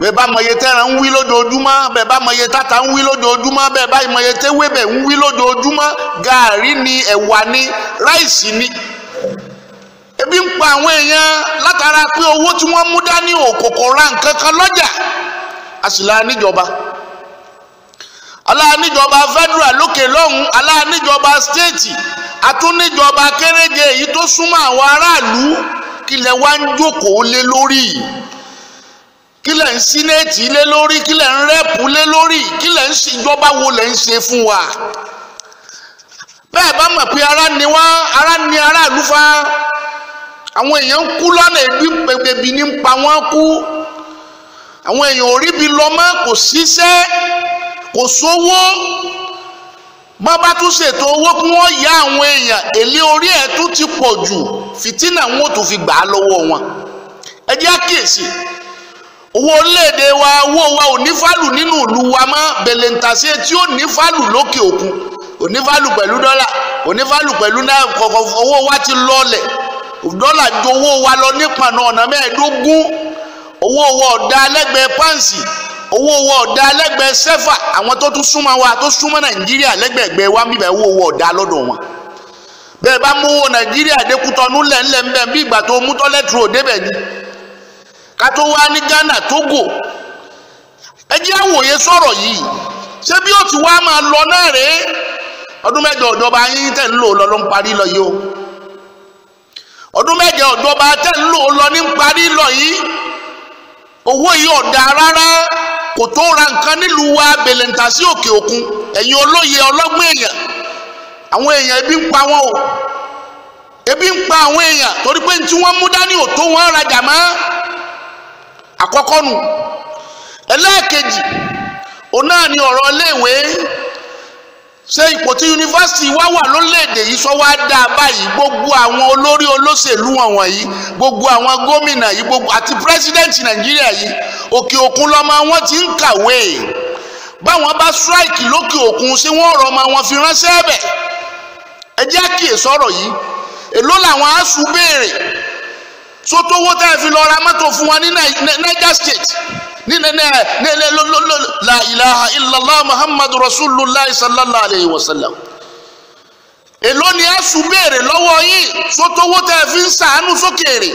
beba bá mọye ń wí lójoojúmọ́ tata ń wí lójoojúmọ́ ni ẹ̀wà ni ebi ń pa àwọn èèyàn látara pé owó tí wọ́n mú dání òkòkò ra nǹkan kan lọ́jà a níjọba aláàníjọba federal lókè lọ́hùn aláàníjọba stéètì àtúníjọba kéréje èyí tó súnmọ́ àwọn aráàlú kílẹ̀ wá ń jókòó lé kílẹ̀ ń sínéètì lé lórí kílẹ̀ ń rẹ́pù lé lórí kílẹ̀ ń ṣèjọba wo lẹ̀ ń ṣe fún wa bẹ́ẹ̀ bá mọ̀ pé ara ni wá ara ni aráàlú fa àwọn èèyàn ń kú lọ́nà ẹbí pẹ̀gbẹ̀bì ní ń pa wọ́n kú àwọn èèyàn ò ríbi lọ mọ́ kò síṣẹ́ kò sówó bọ́ bá tún ṣètò owó kí wọ́n yá àwọn èèyàn èlé orí ẹ̀ tún ti pọ̀ jù fìtínà wọn ò tún fi gbà á lọ́wọ́ wọn ẹ jẹ́ àkíyèsí owó orílẹ̀-èdè wa owó wa ò ní fálù nínú ìlú wa mọ́ bẹ̀lẹ̀ntàṣe tí ó ní fálù lókè òkun ò ní fálù pẹ̀lú dọ́là ò ní fálù pẹ̀lú náírà kọ̀ọ̀kan owó wa ti lọlẹ̀ dọ́là ju owó wa lọ nípànà ọ̀nà mẹ́ẹ̀ẹ́dógún owó wa ọ̀dà lẹ́gbẹ̀ẹ́ páǹsì owó wa ọ̀dà lẹ́gbẹ̀ẹ́ sẹ́fà àwọn tó tún súnmọ́ wa tó súnmọ́ nàìjíríà lẹ́gbẹ̀ẹ́gbẹ́ wa bíbẹ̀ owó wa ọ̀dà lọ́dọ̀ wọn bẹ́ẹ̀ bá mú owó nàìjíríà dékútọ́nú lẹ́ńlẹ́ bí ìgbà tó mú tọ́lẹ́tì débẹ̀ ni kátó wá ní Ghana Togo ẹ jẹ́ àwòye sọrọ yìí ṣé bí ó ti wá máa lọ náà rèé ọdún mẹ́jọ ọ̀dọ́ba yín tẹ̀ ń lò lọ ló ń parí lọ yìí o ọdún mẹ́jọ ọ̀dọ́ba tẹ̀ ń lò lọ ní parí lọ yìí owó yìí ọ̀dà rárá kò tó ra nǹkan nílùú wa bèlèǹtà sí òkè òkun ẹ̀yin olóye ọlọ́gbọ́n èèyàn àwọn èèyàn ebi ń pa wọn o ebi ń pa àwọn èèyàn torí pé tí wọ́n mú dání ò tó wọ́n rajà mọ́ àkọ́kọ́ nù ẹlẹ́ẹ̀kejì òun náà ni ọ̀rọ̀ iléèwé ṣé ipò tí yunifásitì wá wà lórílẹ̀‐èdè yìí sọ wá dá a báyìí gbogbo àwọn olórí olóṣèlú wọ̀nyí yìí gbogbo àwọn gómìnà yìí gbogbo àti pírẹsidẹ́ǹtì nàìjíríà yìí òkè òkun lọ́mọ wọn ti ń kàwé báwọn bá ṣíráìkì lókè òkun ṣé wọ́n rọ ọmọ wọn fi ránṣẹ́ ẹ̀bẹ̀ ẹ jẹ́ àkíyèsí ọ̀rọ̀ yìí èló làwọn aṣù béèrè so tó wó tẹ́ fi lọ ra mọ́tò fún wa ní Niger State ní nẹ́nẹ́ la ilaha illallah muhammadu rasulullah sallallahu alayhi wa sallam èló ni ẹ sùn béèrè lọ́wọ́ yín sotowó tẹ fi ń sàánú sókèèrè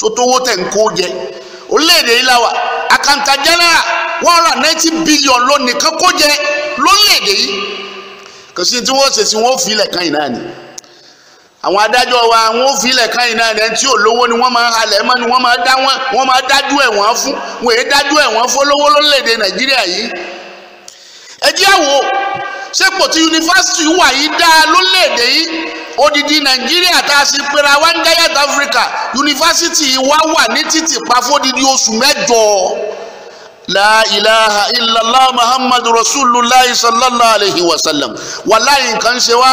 sotowó tẹ ń kó jẹ orílẹ̀-èdè yìí la wà àkàǹtà jẹ́nẹ́rà one ninety billion lónìí kan kó jẹ lórílẹ̀-èdè yìí kò sí tí wọ́n ṣe sí wọ́n fi ilẹ̀ kan yìí náà ni àwọn adájọ́ wa wọn ò filẹ̀ káyìn náà ẹni tí ò lówó ni wọ́n máa halẹ̀ mọ́ ni wọ́n máa dá wọn wọ́n máa dájú ẹ̀wọ̀n fún wọn èyí dájú ẹ̀wọ̀n fún olówó lórílẹ̀‐èdè nàìjíríà yìí. ẹ jẹ́ àwò sépò tí yunifásitì wà yìí dá lórílẹ̀‐èdè yìí odidi nàìjíríà tá a sì pera wá ń dáyàtọ̀ áfíríkà yunifásitì wa wà ní títì pa fódidi oṣù mẹ́jọ la ilaha illallah muhammadu rasulillah sallallahu alayhi wa sallam wàláyé nǹkan ṣe wá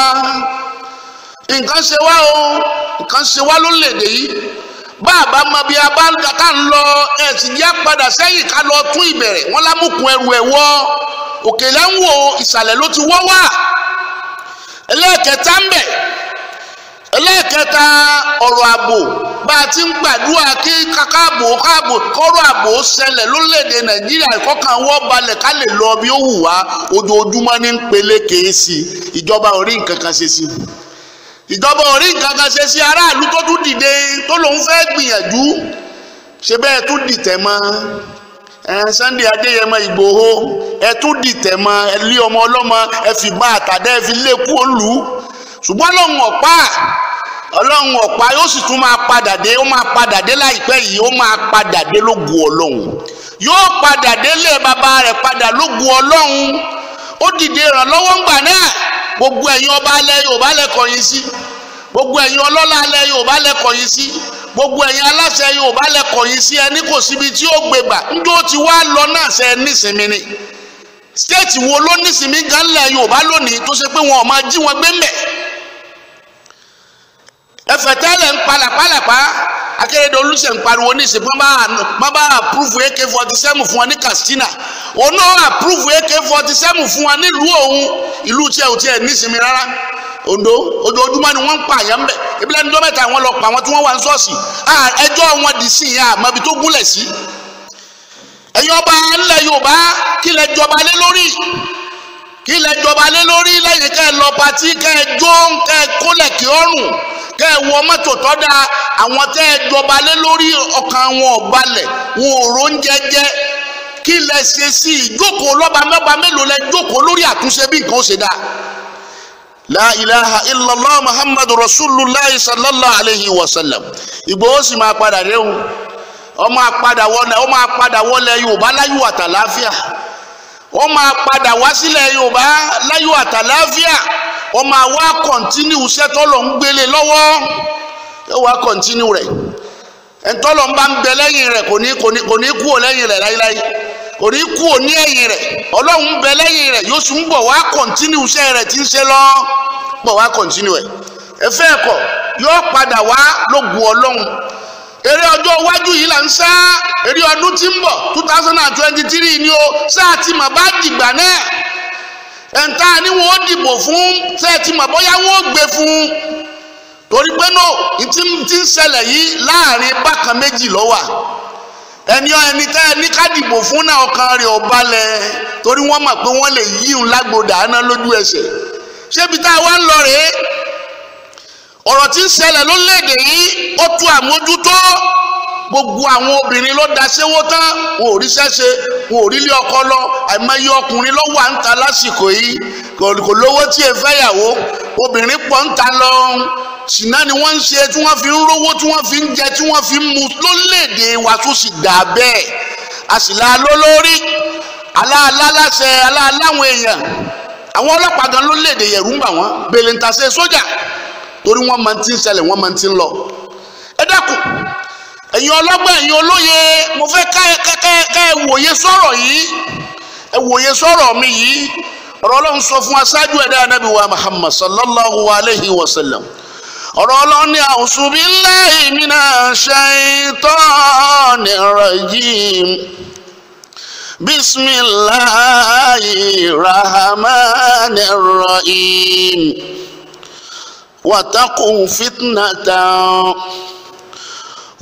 nǹkan ṣe wá o nǹkan ṣe wá lórílẹ̀‐èdè yìí báàbá mọ bí a bá ń da ká ń lọ ẹ̀sìn yá padà sẹ́yìn ká lọ tún ìbẹ̀rẹ̀ wọn lámùkún ẹrù ẹ̀ wọ òkè lẹ́wọ̀ ìsàlẹ̀ ló ti wọ́ wà ẹlẹ́ẹ̀kẹta ń bẹ̀ ẹlẹ́ẹ̀kẹta ọ̀rọ̀ ààbò bá a ti ń gbàdúrà kí káàbò káàbò kọ́rọ̀ ààbò ṣẹlẹ̀ lórílẹ̀ nàìjíríà ìkọ́kàn wọ́ balẹ̀ ká lè lọ bí ó wù wá ojoojúmọ́ ní ń peléke sí ìjọba ò nǹkan kan ṣe sí i ìjọba ò rí nǹkan kan ṣe sí aráàlú tó tún dìde tó lòun fẹ́ gbìyànjú ṣe bẹ́ẹ̀ tún dìtẹ̀ mọ́ Sunday Adéyẹmọ Ìgbòho ẹ tún dìtẹ̀ mọ́ ẹ lé ọmọ ọlọ́mọ ẹ fi gbá àtàdá ẹ fi lé kú òlù ṣùgbọ́n ọlọ́run ọ̀pá ọlọ́run ọ̀pá yóò sì tún máa padà dé ó máa padà dé láìpẹ́ yìí ó máa padà dé lógo ọlọ́run yóò padà délé bàbá rẹ̀ padà lógo ọlọ́run ó dìde ìrànlọ́wọ́ gbogbo ẹ̀yin ọba alẹ́ Yorùbá lẹ́kọ̀ọ́ yìí sí gbogbo ẹ̀yin ọlọ́lá alẹ́ Yorùbá lẹ́kọ̀ọ́ yìí gbogbo ẹ̀yin aláṣẹ Yorùbá lẹ́kọ̀ọ́ yìí sí ẹni kò síbi tí ó ti wá lọ náà ṣe ni stéètì wo ló nisimi gan lẹ̀ Yorùbá lónìí tó ṣe pé wọn ò máa jí wọn gbé mẹ́ ẹ̀fẹ̀ Akérédolú ṣe ń pariwo ní ìsìn wọ́n bá àpúrúfù AK forty seven fún wọn ní Katsina òun náà àpúrúfù AK forty seven fún wọn nílùú òun ìlú tiẹ̀ ò tiẹ̀ nísinmi rárá Ondo ojoojúmọ́ ni wọ́n ń pa àyàn ń bẹ̀ ebi lẹ́nu dọ́mẹ́ta wọn lọ pa àwọn tí wọ́n wà ń ṣọ́ọ̀ṣì ẹjọ́ wọn dì sí ìyá àmọ́ ibi tó gúnlẹ̀ sí ẹ̀yin ọba ńlẹ̀ Yorùbá kílẹ̀ jọba lé lórí kí lẹ jọba lé lórí lẹ́yìn kẹ́ ẹ lọ patí kẹ́ ẹ jó ẹ kólẹ̀ kí ọrùn ẹ wọ mọ́tò àwọn tẹ́ ẹ jọba lé lórí ọkàn wọn balẹ̀ wọn kí ṣe sí ìjókòó lọ́ba mẹ́ba mélòó lẹ jókòó lórí àtúnṣe bí nǹkan ó la ilaha illallah muhammadu rasulillah sallallahu alayhi wa sallam sì máa padà ọmọ yorùbá wọ́n máa padà wá sílẹ̀ Yorùbá láyọ̀ àtàláfíà wọ́n máa wá kọ̀ntínú iṣẹ́ tọ́lọ̀ ń gbélé lọ́wọ́ yóò wá kọ̀ntínú rẹ̀ ẹ̀ńtọ́lọ̀ ń bá ń bẹ lẹ́yìn rẹ̀ kò ní kò ní kò ní kúò lẹ́yìn rẹ̀ láíláí kò ní kúò ní ẹ̀yìn rẹ̀ Ọlọ́run ń bẹ lẹ́yìn rẹ̀ yóò sùn bọ̀ wá kọ̀ntínú iṣẹ́ rẹ̀ tí ń ṣe lọ bọ̀ wá kọ̀ntínú ẹ̀ ẹ̀fẹ́ ẹ̀kọ́ yóò padà wá lógun Ọlọ́run eré ọjọ́ iwájú yìí là ń sá eré ọdún tí ń bọ̀ two thousand and twenty three ni o sáà tí mà bá dìgbà náà ẹ̀ǹtà ni wọ́n dìbò fún sáà tí mà bóyá wọ́n gbé fún torí pé náà ìtí ti ń ṣẹlẹ̀ yìí láàrin bákan méjì ló wà ẹni ẹni tẹ́ ẹni ká dìbò fún náà ọkàn rẹ̀ ò balẹ̀ torí wọn mọ̀ pé wọn lè yí un lágbódà áná lójú ẹsẹ̀ ṣébi tá a wá ń lọ rèé ọ̀rọ̀ tí ń ṣẹlẹ̀ lórílẹ̀‐èdè yìí ó tú àmójútó gbogbo àwọn obìnrin ló daṣẹ́wó tán wọn ò ríṣẹ́ ṣe wọn ò rílé ọkọ lọ àìmọye ọkùnrin ló wà ń ta lásìkò yìí kò lówó tí ẹ fẹ́yàwó obìnrin pọ̀ ń ta lọ ṣìnà ni wọ́n ń ṣe tí wọ́n fi ń rówó tí wọ́n fi ń jẹ tí wọ́n fi ń mu lórílẹ̀‐èdè wa tún sì dà bẹ́ẹ̀ àṣìlá lólórí aláàlá láṣẹ èèyàn àwọn ọlọ́pàá gan lórílẹ̀‐èdè yẹ̀rù ń bà wọ́n bèlè ń ta ṣe sójà torí wọ́n máa ti ń ṣẹlẹ̀ wọ́n máa ti ń lọ. ẹ dákun ẹ̀yin ọlọ́gbọ́n ẹ̀yin olóye mo fẹ́ ká ẹ wòye sọ̀rọ̀ yìí ẹ wòye sọ̀rọ̀ mi yìí ọ̀rọ̀ ọlọ́run sọ fún aṣáájú ẹ̀dá anábì wa muhammad sallallahu alayhi wa sallam ọ̀rọ̀ ọlọ́run ní a'udhu billahi minash shaitonir rajim bismillahir rahmanir rahim. وتقوا فتنة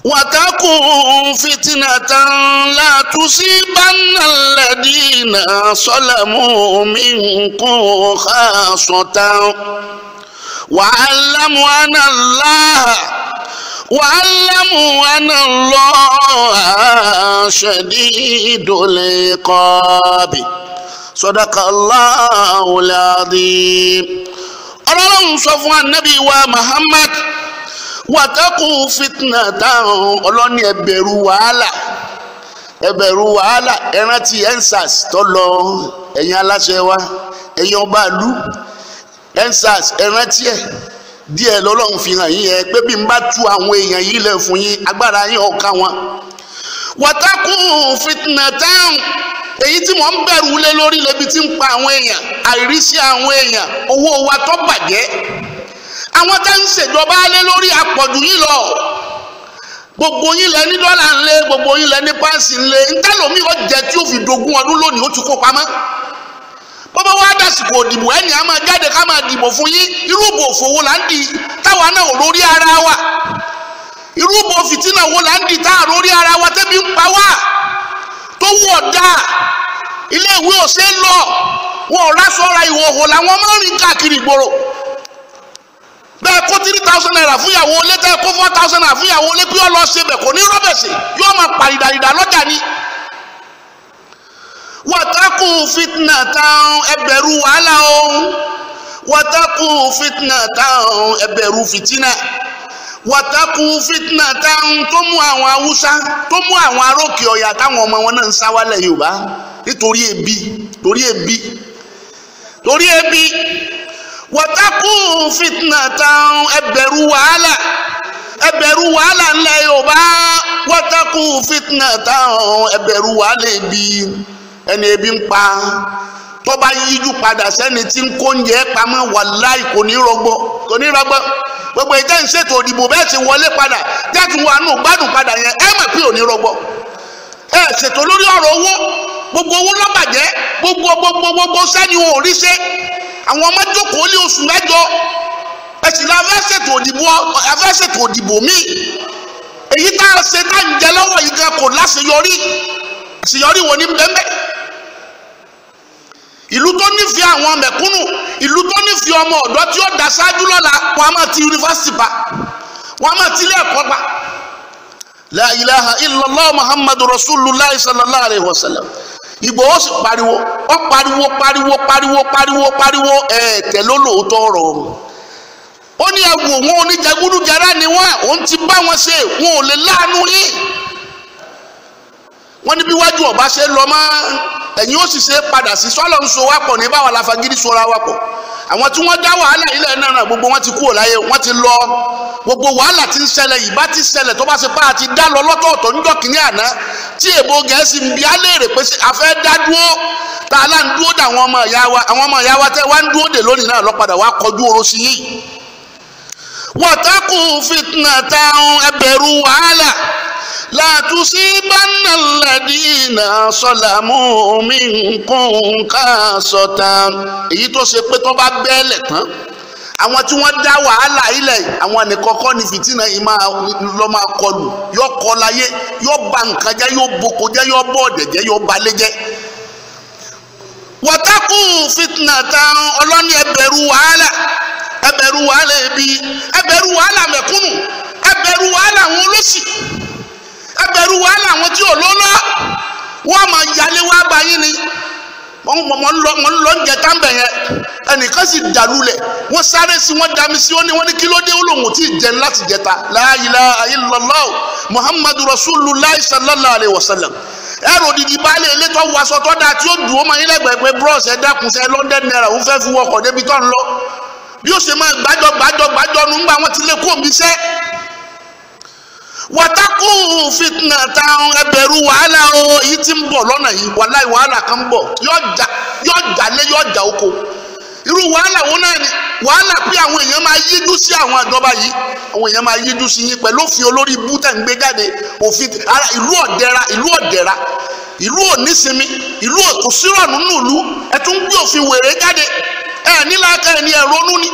وتقوا فتنة لا تصيبن الذين ظلموا منكم خاصة وعلموا أن الله وعلموا أن الله شديد العقاب صدق الله العظيم ọlọ́run sọ fún anabi wa muhammad wàtẹ́kù fitna táwọn ọlọ́ni ẹ̀bẹ̀rù wàhálà ẹ̀bẹ̀rù wàhálà ẹ̀rántí ensars tó lọ ẹ̀yin aláṣẹ wa ẹ̀yin ọba ìlú ensars ẹ̀rántí ẹ̀ díẹ̀ lọ́lọ́run fi hàn yín ẹ pé bí n bá tú àwọn èèyàn yìí lẹ̀ fún yín agbára yín ọ̀ka wọn. wàtákù fitnatan èyí tí mò ń bẹ̀rù lé lórí lebi tí ń pa àwọn èèyàn àìrísí àwọn èèyàn owó wa tó bàjẹ́ àwọn tá ń ṣèjọba lé lórí àpọ̀jù yìí lọ gbogbo yín lẹ ní dọ́là ńlẹ̀ gbogbo yín lẹ ní páàsì ńlẹ̀ ntẹ́lómi ó jẹ tí ó fi dogun ọdún lónìí ó ti kó pamọ́ bọ́bá wá dàsìkò òdìbò ẹni a máa jáde ká máa dìbò fún yín irú òbò òfòwò là ń di táwa náà lórí ara wa irúbọ fìtínà wo là ń di tá àrórí ara wa tẹ́bi ń pa wá tó wọ̀ dá ilé ìwé òṣè lọ wọn ò lásọra ìwòhò làwọn máa rìn káàkiri ìgboro bẹ́ẹ̀ kó three thousand naira fúnyàwó olé tẹ́ kó four thousand naira fúnyàwó olé pé ó lọ ṣe bẹ̀ kò ní rọ́bẹ̀sì yóò máa pàrìdàrìdà lọ́jà ni wàtàkù fitna táwọn ẹbẹ̀rù wàhálà ọ̀hún wàtàkù fitna táwọn ẹbẹ̀rù fìtínà. wàtàkù fitna táwọn tó mú àwọn haúsá tó mú àwọn arókè ọ̀yà táwọn ọmọ wọn náà ń sáwálẹ̀ yorùbá nítorí ebi torí ebi torí ebi wàtàkù fitna táwọn ẹbẹ̀rù wàhálà ẹbẹ̀rù wàhálà ńlẹ̀ yorùbá wàtàkù fitna táwọn ẹbẹ̀rù wàhálà ebi ẹni ebi ń pa. tó bá yíjú padà sẹ́ni tí ń kó oúnjẹ pamọ́ wàláì kò ní rọgbọ kò ní rọgbọ gbogbo ìjẹ́ ìṣètò òdìbò bẹ́ẹ̀ ti wọlé padà jẹ́tùn wa nù gbádùn padà yẹn ẹ mọ̀ pé ò ní rọgbọ ẹ ṣètò lórí ọ̀rọ̀ owó gbogbo owó lọ́bàjẹ́ gbogbo gbogbo gbogbo sẹ́ni ò rí ṣe àwọn ọmọ jókòó lé oṣù mẹ́jọ ẹ̀sìn la fẹ́ ṣètò òdìbò ẹ fẹ́ ṣètò òdìbò míì èyí tá a ṣe tá à ń jẹ lọ́wọ́ yìí gan kò láṣeyọrí àṣeyọrí wo ni bẹ́ẹ̀ bẹ́ẹ̀ ìlú tó nífẹ̀ẹ́ àwọn mẹ̀kúnnù ìlú tó nífẹ̀ẹ́ ọmọ ọ̀dọ́ tí ó dá ṣáájú lọ́la wọn a máa ti yunifásitì pa wọn a máa ti ilé ẹ̀kọ́ pa la ilaha illallah muhammadu rasulullah sallallahu alayhi wa sallam Ìgbòho sì pariwo ó pariwo pariwo pariwo pariwo pariwo ẹ̀ẹ̀tẹ̀ ló lóòótọ́ ọ̀rọ̀ ọ̀run ó ní ẹ̀wù òun oníjẹgúdújẹrá ni wọ́n òun ti bá wọn ṣe wọn ò lè láàánú yín wọ́n ní bí wájú ọ̀bá ṣe lọ mọ́ ẹ̀yìn ó sì ṣe padà sí sọ́lọ́ ń so wápọ̀ ní báwa la fagídí sora wápọ̀ àwọn tí wọ́n dá wàhálà ilẹ̀ náà náà gbogbo wọn ti kúrò láyé wọ́n ti lọ gbogbo wàhálà ti ń ṣẹlẹ̀ ìbá ti ṣẹlẹ̀ tó bá ṣe pa àti dá lọ lọ́tọ̀ọ̀tọ̀ níjọ́ kìíní àná tí èbó gẹ̀ẹ́sì ń bi alẹ́ pé a fẹ́ dá dúró tá a lá ń dà àwọn ọmọ ìyá wa àwọn ọmọ ìyá wa tẹ́ wá ń dúró dè lónìí náà lọ́padà wá kọjú oró sí yìí wọ́n takùn fìtnà táwọn ẹbẹ̀rù wàhálà látúnṣí bánà ládìínà sọlámù mi nǹkan ká sọta èyí tó ṣe pé tó bá bẹ́ẹ̀lẹ̀ tán àwọn tí wọ́n dá wàhálà ilẹ̀ àwọn nìkọ́kọ́ ni fìtínà yìí máa lọ máa kọlù yọ kọ láyé yọ ba nǹkan jẹ́ yọ boko jẹ́ yọ bọ́ọ̀dẹ̀ jẹ́ yọ balẹ̀ jẹ́ wọ́tákù fìtínà tán ọlọ́ni ẹbẹ̀rù wàhálà ẹbẹ̀rù wàhálà ẹbí ẹbẹ̀rù wàhálà mẹ̀kúnnù ẹbẹ̀rù wàhálà ẹbẹ̀rù wàhálà àwọn tí ò lọ́lọ́ wọ́n máa yálé wá bá yín ni mọ̀ ń lọ mọ̀ ń lọ ń jẹ táǹbẹ̀ yẹn ẹnìkan sì dàlúlẹ̀ wọ́n sáré sí wọ́n dami sí ó ní wọ́n ní kí ló dé ó lòun tí ì láti jẹta la ilaha illallah muhammadu rasulullah sallallahu alayhi wa sallam ẹrù òdìdí baálé elétò waṣọ tó dáa tí ó dùn ó máa ń lẹ́gbẹ̀ẹ́ bros ẹ dákun sẹ́ london naira òun fẹ́ fi wọkọ̀ débi tó ń lọ bí ó ṣe máa gbájọ gbájọ gbájọ nù ń gbà ti lé kó mi sẹ́ wàtàkù fitna táwọn ẹbẹ̀rù wàhálà o ti tí ń bọ̀ lọ́nà yìí wàhálà wàhálà kan bọ bọ̀ yóò lé yóò jà oko irú wàhálà wo náà ni wàhálà pé àwọn èèyàn máa yíjú sí àwọn àjọba yìí àwọn èèyàn máa yíjú sí yín pẹ̀lú òfin olórí ibú ń gbé jáde òfin ara ìlú ọ̀dẹ́ra ìlú ọ̀dẹ́ra ìlú ònísinmi ìlú òkùsírọ̀nù nùlú ẹ tún gbé òfin wèrè jáde ẹ nílá ẹ ní ẹ ronú ni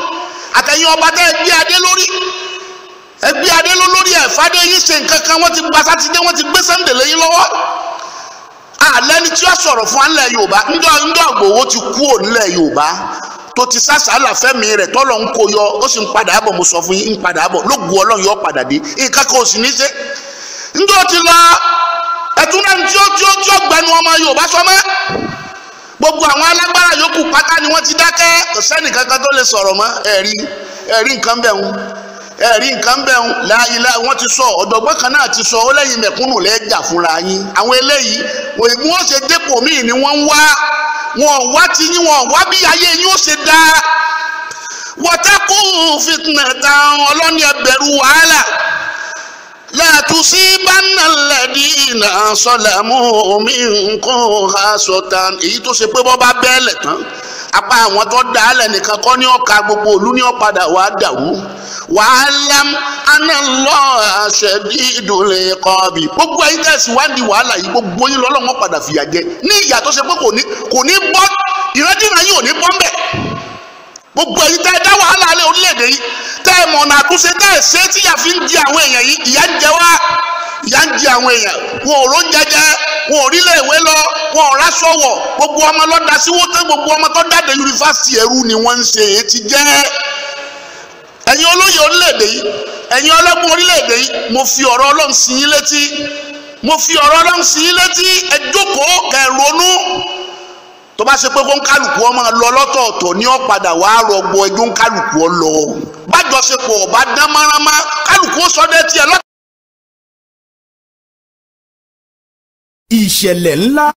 àtẹ̀yìn ọba tẹ́ gbé adé lórí ẹgbẹ́ adé ló lórí ẹ̀ fadé yín ṣe nǹkan kan wọ́n ti gba sátidé wọ́n ti gbé sànńdè lẹ́yìn lọ́wọ́ ni tí ó sọ̀rọ̀ fún alẹ́ yorùbá ńdọ́ ńdọ́ Ìgbòho ti kú ò nílẹ̀ yorùbá tó ti sásàálà fẹ́mi rẹ̀ tọ́lọ̀ yọ ó sì ń padà sọ fún yín ń padà bọ̀ padà dé nǹkan kan ò sì ní ṣe ńdọ́ ti lọ náà tí ó tí ó ọmọ yorùbá gbogbo àwọn alágbára yòókù pátá ni wọ́n ti dákẹ́ kò tó ẹ̀rí nǹkan bẹ́ẹ̀ ń láàyè láàyè wọ́n ti sọ ọ̀dọ̀gbọ́n kan náà ti sọ ó lẹ́yìn mẹ̀kúnnù lẹ́jà fúnra yín àwọn eléyìí òyìnbó wọn ṣe dépò míì ni wọ́n ń wá wọn wá ti yín wọn wá bí ayé yín ó ṣe dá wọ́tẹ́kùn fìtìnà táwọn ọlọ́ni ẹbẹ̀rù wàhálà láàtú sí bánàlẹ́dì iná sọlẹ̀ mú mi nǹkan aṣọ tán èyí tó ṣe pé bọ́ bá bẹ́ẹ̀lẹ̀ tán apá àwọn tó dá alẹ̀ nìkan kọ́ ní ọ̀ka gbogbo òlu ní ọ̀padà wàá dàrú wàá lam aná lọ àṣẹbí ìdúró kọ́ọ̀bì gbogbo ayé tẹ̀sí wá di wàhálà yìí gbogbo yín lọ́lọ́wọ́ padà fìyà jẹ ní ìyà tó ṣe pé kò ní kò ní bọ́ ìrẹ́dínà yìí ò ní bọ́ mbẹ́ gbogbo èyí tẹ́ ẹ dá wàhálà alẹ́ orílẹ̀-èdè yìí tẹ́ ẹ mọ̀nà àtúnṣe tẹ́ ẹ ṣe é tíyà fi ń di àwọn èèyàn yìí ìyà ń jẹ wá ìyá ń jẹ àwọn èèyàn wọn ò ró jẹjẹ wọn ò rílẹ̀ ìwé lọ wọn ò ráṣọ wọ̀ gbogbo ọmọ lọ́dà sí wọ́n tán gbogbo ọmọ tó dáde yunifásitì ẹ̀rú ni wọ́n ń ṣe èyí ti jẹ́ ẹ̀yin olóyè orílẹ̀-èdè yìí ẹ̀yin ọlọ́gbọ́n orílẹ̀-èdè yìí mo fi ọ̀rọ̀ ọlọ́run sí yín létí mo fi ọ̀rọ̀ ọlọ́run sí yín létí ẹ jókòó kẹ́ tó bá ṣe pé kó ń kálukú ọmọ lọ lọ́tọ̀ọ̀tọ̀ ní ó padà wá rọgbọ ẹjọ́ ń kálukú ọ lọ bájọṣepọ̀ ọ̀bá dán máramá kálukú sọdẹ́ tiẹ̀ lọ́tọ̀. ìṣẹ̀lẹ̀ ńlá.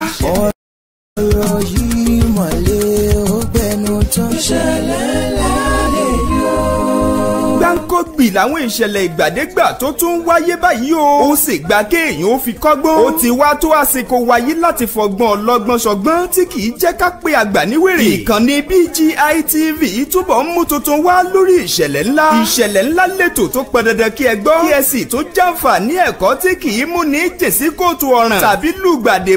yìí làwọn ìṣẹ̀lẹ̀ ìgbàdégbà tó tún ń wáyé báyìí o. ó sì gba kéèyàn ó fi kọ́gbọ́n. ó ti wá tó àsìkò wáyé láti fọgbọ́n ọlọ́gbọ́n ṣọgbọ́n tí kì í jẹ́ ká pé àgbà níwèrè. ìkànnì BGI túbọ̀ ń mú tuntun wá lórí ìṣẹ̀lẹ̀ ńlá. ìṣẹ̀lẹ̀ ńlá lètò tó pọn dandan kí ẹ gbọ́. kí ẹ sì tó jàǹfààní ẹ̀kọ́ tí kì í mú ní jèsí ọ̀ràn tàbí lùgbàdé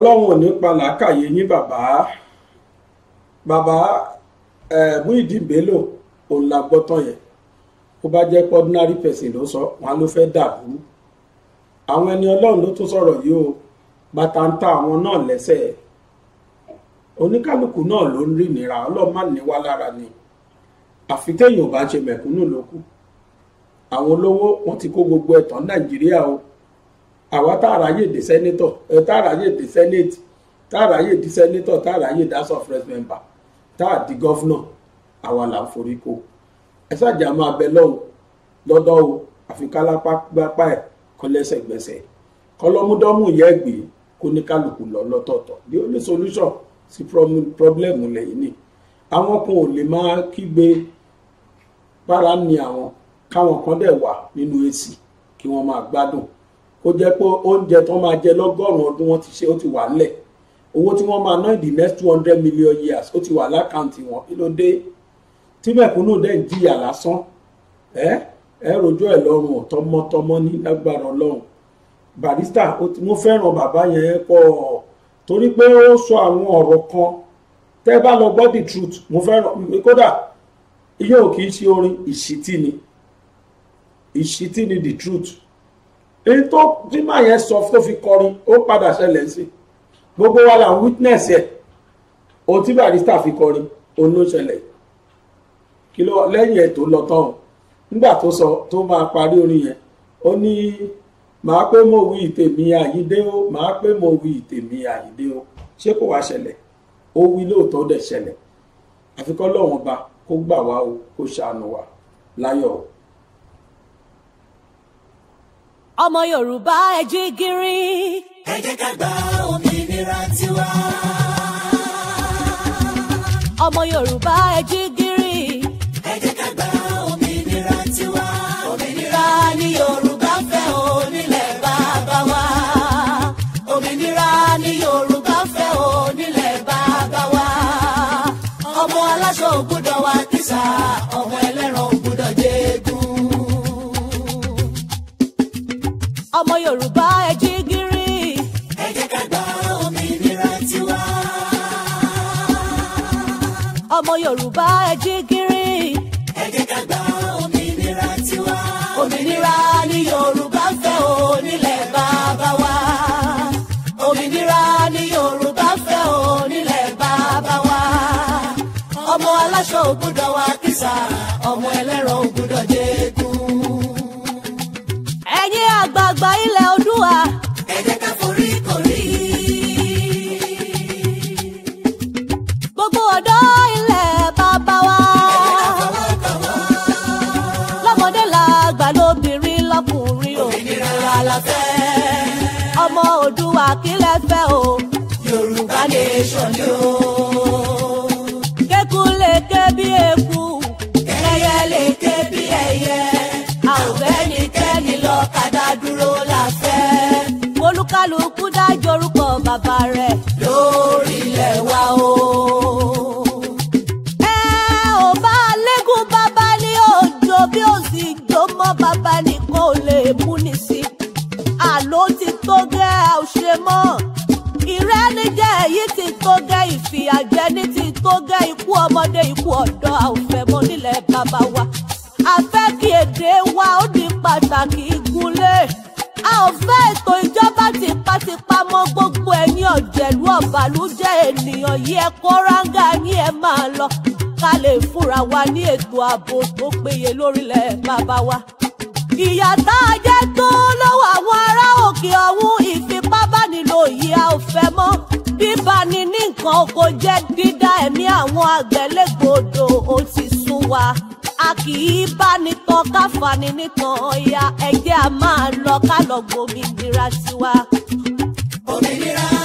ọlọ́run ò ní pa làákàyè yín bàbá bàbá Muyideen Bello òun la gbọ́ tán yẹn bó bá jẹ́ pé ordinary person ló sọ wọn ló fẹ́ dàbú àwọn ẹni ọlọ́run ló tún sọ̀rọ̀ yìí o bàtà ń ta àwọn náà lẹ́sẹ̀ oníkálukú náà ló ń rí nira ọlọ́run má ní wá lára ni àfi téèyàn ò bá ṣe mẹ̀kúnnù ló àwọn olówó wọn ti kó gbogbo ẹ̀tàn nàìjíríà o àwa tá àráyè di sẹ́nítọ̀ tá àráyè di sẹ́nẹ̀tì tá àráyè di sẹ́nítọ̀ tá àráyè di house of rest member tá à di gọ́fúnà àwa là ń forí kó ẹ ṣáàjà máa bẹ lọ́hùn lọ́dọ́ o àfi kálápá gbápá ẹ̀ kọ́ lẹ́sẹ̀ gbẹ̀sẹ̀ kọ́lọ́múdọ́mù gbé kó ní kálukú lọ lọ́tọ̀ọ̀tọ̀ the only solution sí problem lẹ́yìn ni àwọn kan ò lè máa kígbe para ni àwọn káwọn kan dẹ̀ wà nínú èsì kí wọ́n máa gbádùn kó jẹ́ pé oúnjẹ tó máa jẹ lọ́gọ́rùn ọdún wọn ti ṣe ó ti wà nílẹ̀ owó tí wọ́n máa ná in the next two hundred million years ó ti wà lákàǹtì wọn kí ló dé tí mẹ̀kúnnù dẹ̀ ń jìyà lásán ẹ ẹ rojọ́ ẹ̀ lọ́rùn tọmọtọmọ ní lágbára ọlọ́run barista mo fẹ́ràn bàbá yẹn pọ̀ torí pé ó sọ àwọn ọ̀rọ̀ kan tẹ́ bá lọ gbọ́ the truth mo fẹ́ràn kódà yóò kì í ṣe orin ìṣítí ni ìṣítí ni the truth èyí tó tí màá yẹn sọ tó fi kọrin ó padà ṣẹlẹ̀ sí gbogbo wa là ń witness ẹ̀ ohun tí barista fi kọrin òun ló ṣẹlẹ̀ kí ló lẹ́yìn ẹ̀ tó lọ tán nígbà tó sọ tó máa parí orin yẹn ó ní màá pé mo wí ìtèmí àyídé o màá pé mo wí ìtèmí àyídé o ṣé kò wá ṣẹlẹ̀ ó wí lóòótọ́ dẹ̀ ṣẹlẹ̀ àfikọ́ lọ́wọ́n ba kó gbà wá o kó ṣàánú wa láyọ̀ o ọmọ Yorùbá ẹ jí gìrì. ẹ jẹ́ ká gba òmìnira tiwa. ọmọ Yorùbá ẹ jí gìrì. ọmọ Yorùbá ẹ jí gìrì. ẹ jẹ́ ká gba òmìnira tiwa. ọmọ Yorùbá ẹ jí gìrì. ẹ jẹ́ ká gba òmìnira tiwa. òmìnira ni Yorùbá fẹ́ o nílẹ̀ bàbá wa. òmìnira ni Yorùbá fẹ́ o nílẹ̀ bàbá wa. ọmọ aláṣọ ògbúdọ̀ wa kìsà ọmọ ẹlẹ́rọ ògbúdọ̀ àgbà ilẹ̀ Oòduà. ẹ jẹ́ ká forí korí. gbogbo ọ̀dọ́ ilẹ̀ bàbá wa. lọ́mọdé làgbà lóbìnrin lọ́kùnrin o. òmìnira la fẹ́. ọmọ Oòduà kí fẹ́ o. Yorùbá nation ni o. bàbá rẹ̀ lórílẹ̀ wa o. ẹ ò bá lẹ́gùn bàbá ní òjò bí ó sì jó mọ́ bàbá ní kò lè mú ní sí. àló ti tó gẹ́ ẹ ò ṣe mọ́ ìrẹ́nijẹ èyí ti tó gẹ́ ìfìyàjẹni ti tó gẹ́ ikú ọmọdé ikú ọ̀dọ́ àwòfẹ́ mọ́ nílẹ̀ bàbá wa. ènìyàn yìí ẹ kó ráńgà yín ẹ máa lọ ká lè fúnra wa ní ètò ààbò tó péye lórílẹ̀ bàbá wa. ìyà tá a jẹ́ tó lọ́wọ́ àwọn ará òkè ọ̀hún ìfipábánilò yìí a ò fẹ́ mọ́ bíbani ní nǹkan oko jẹ́ dídá ẹ̀mí àwọn àgbẹ̀lẹ́gbòdo ó ti sún wa a kì í báni tán ká nìkan ọ̀ya ẹ a máa lọ ká lọ gbòmìnira tiwa. òmìnira.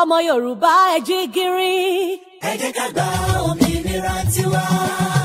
ọmọ Yorùbá ẹ jí gìrì. ká gba òmìnira tiwa.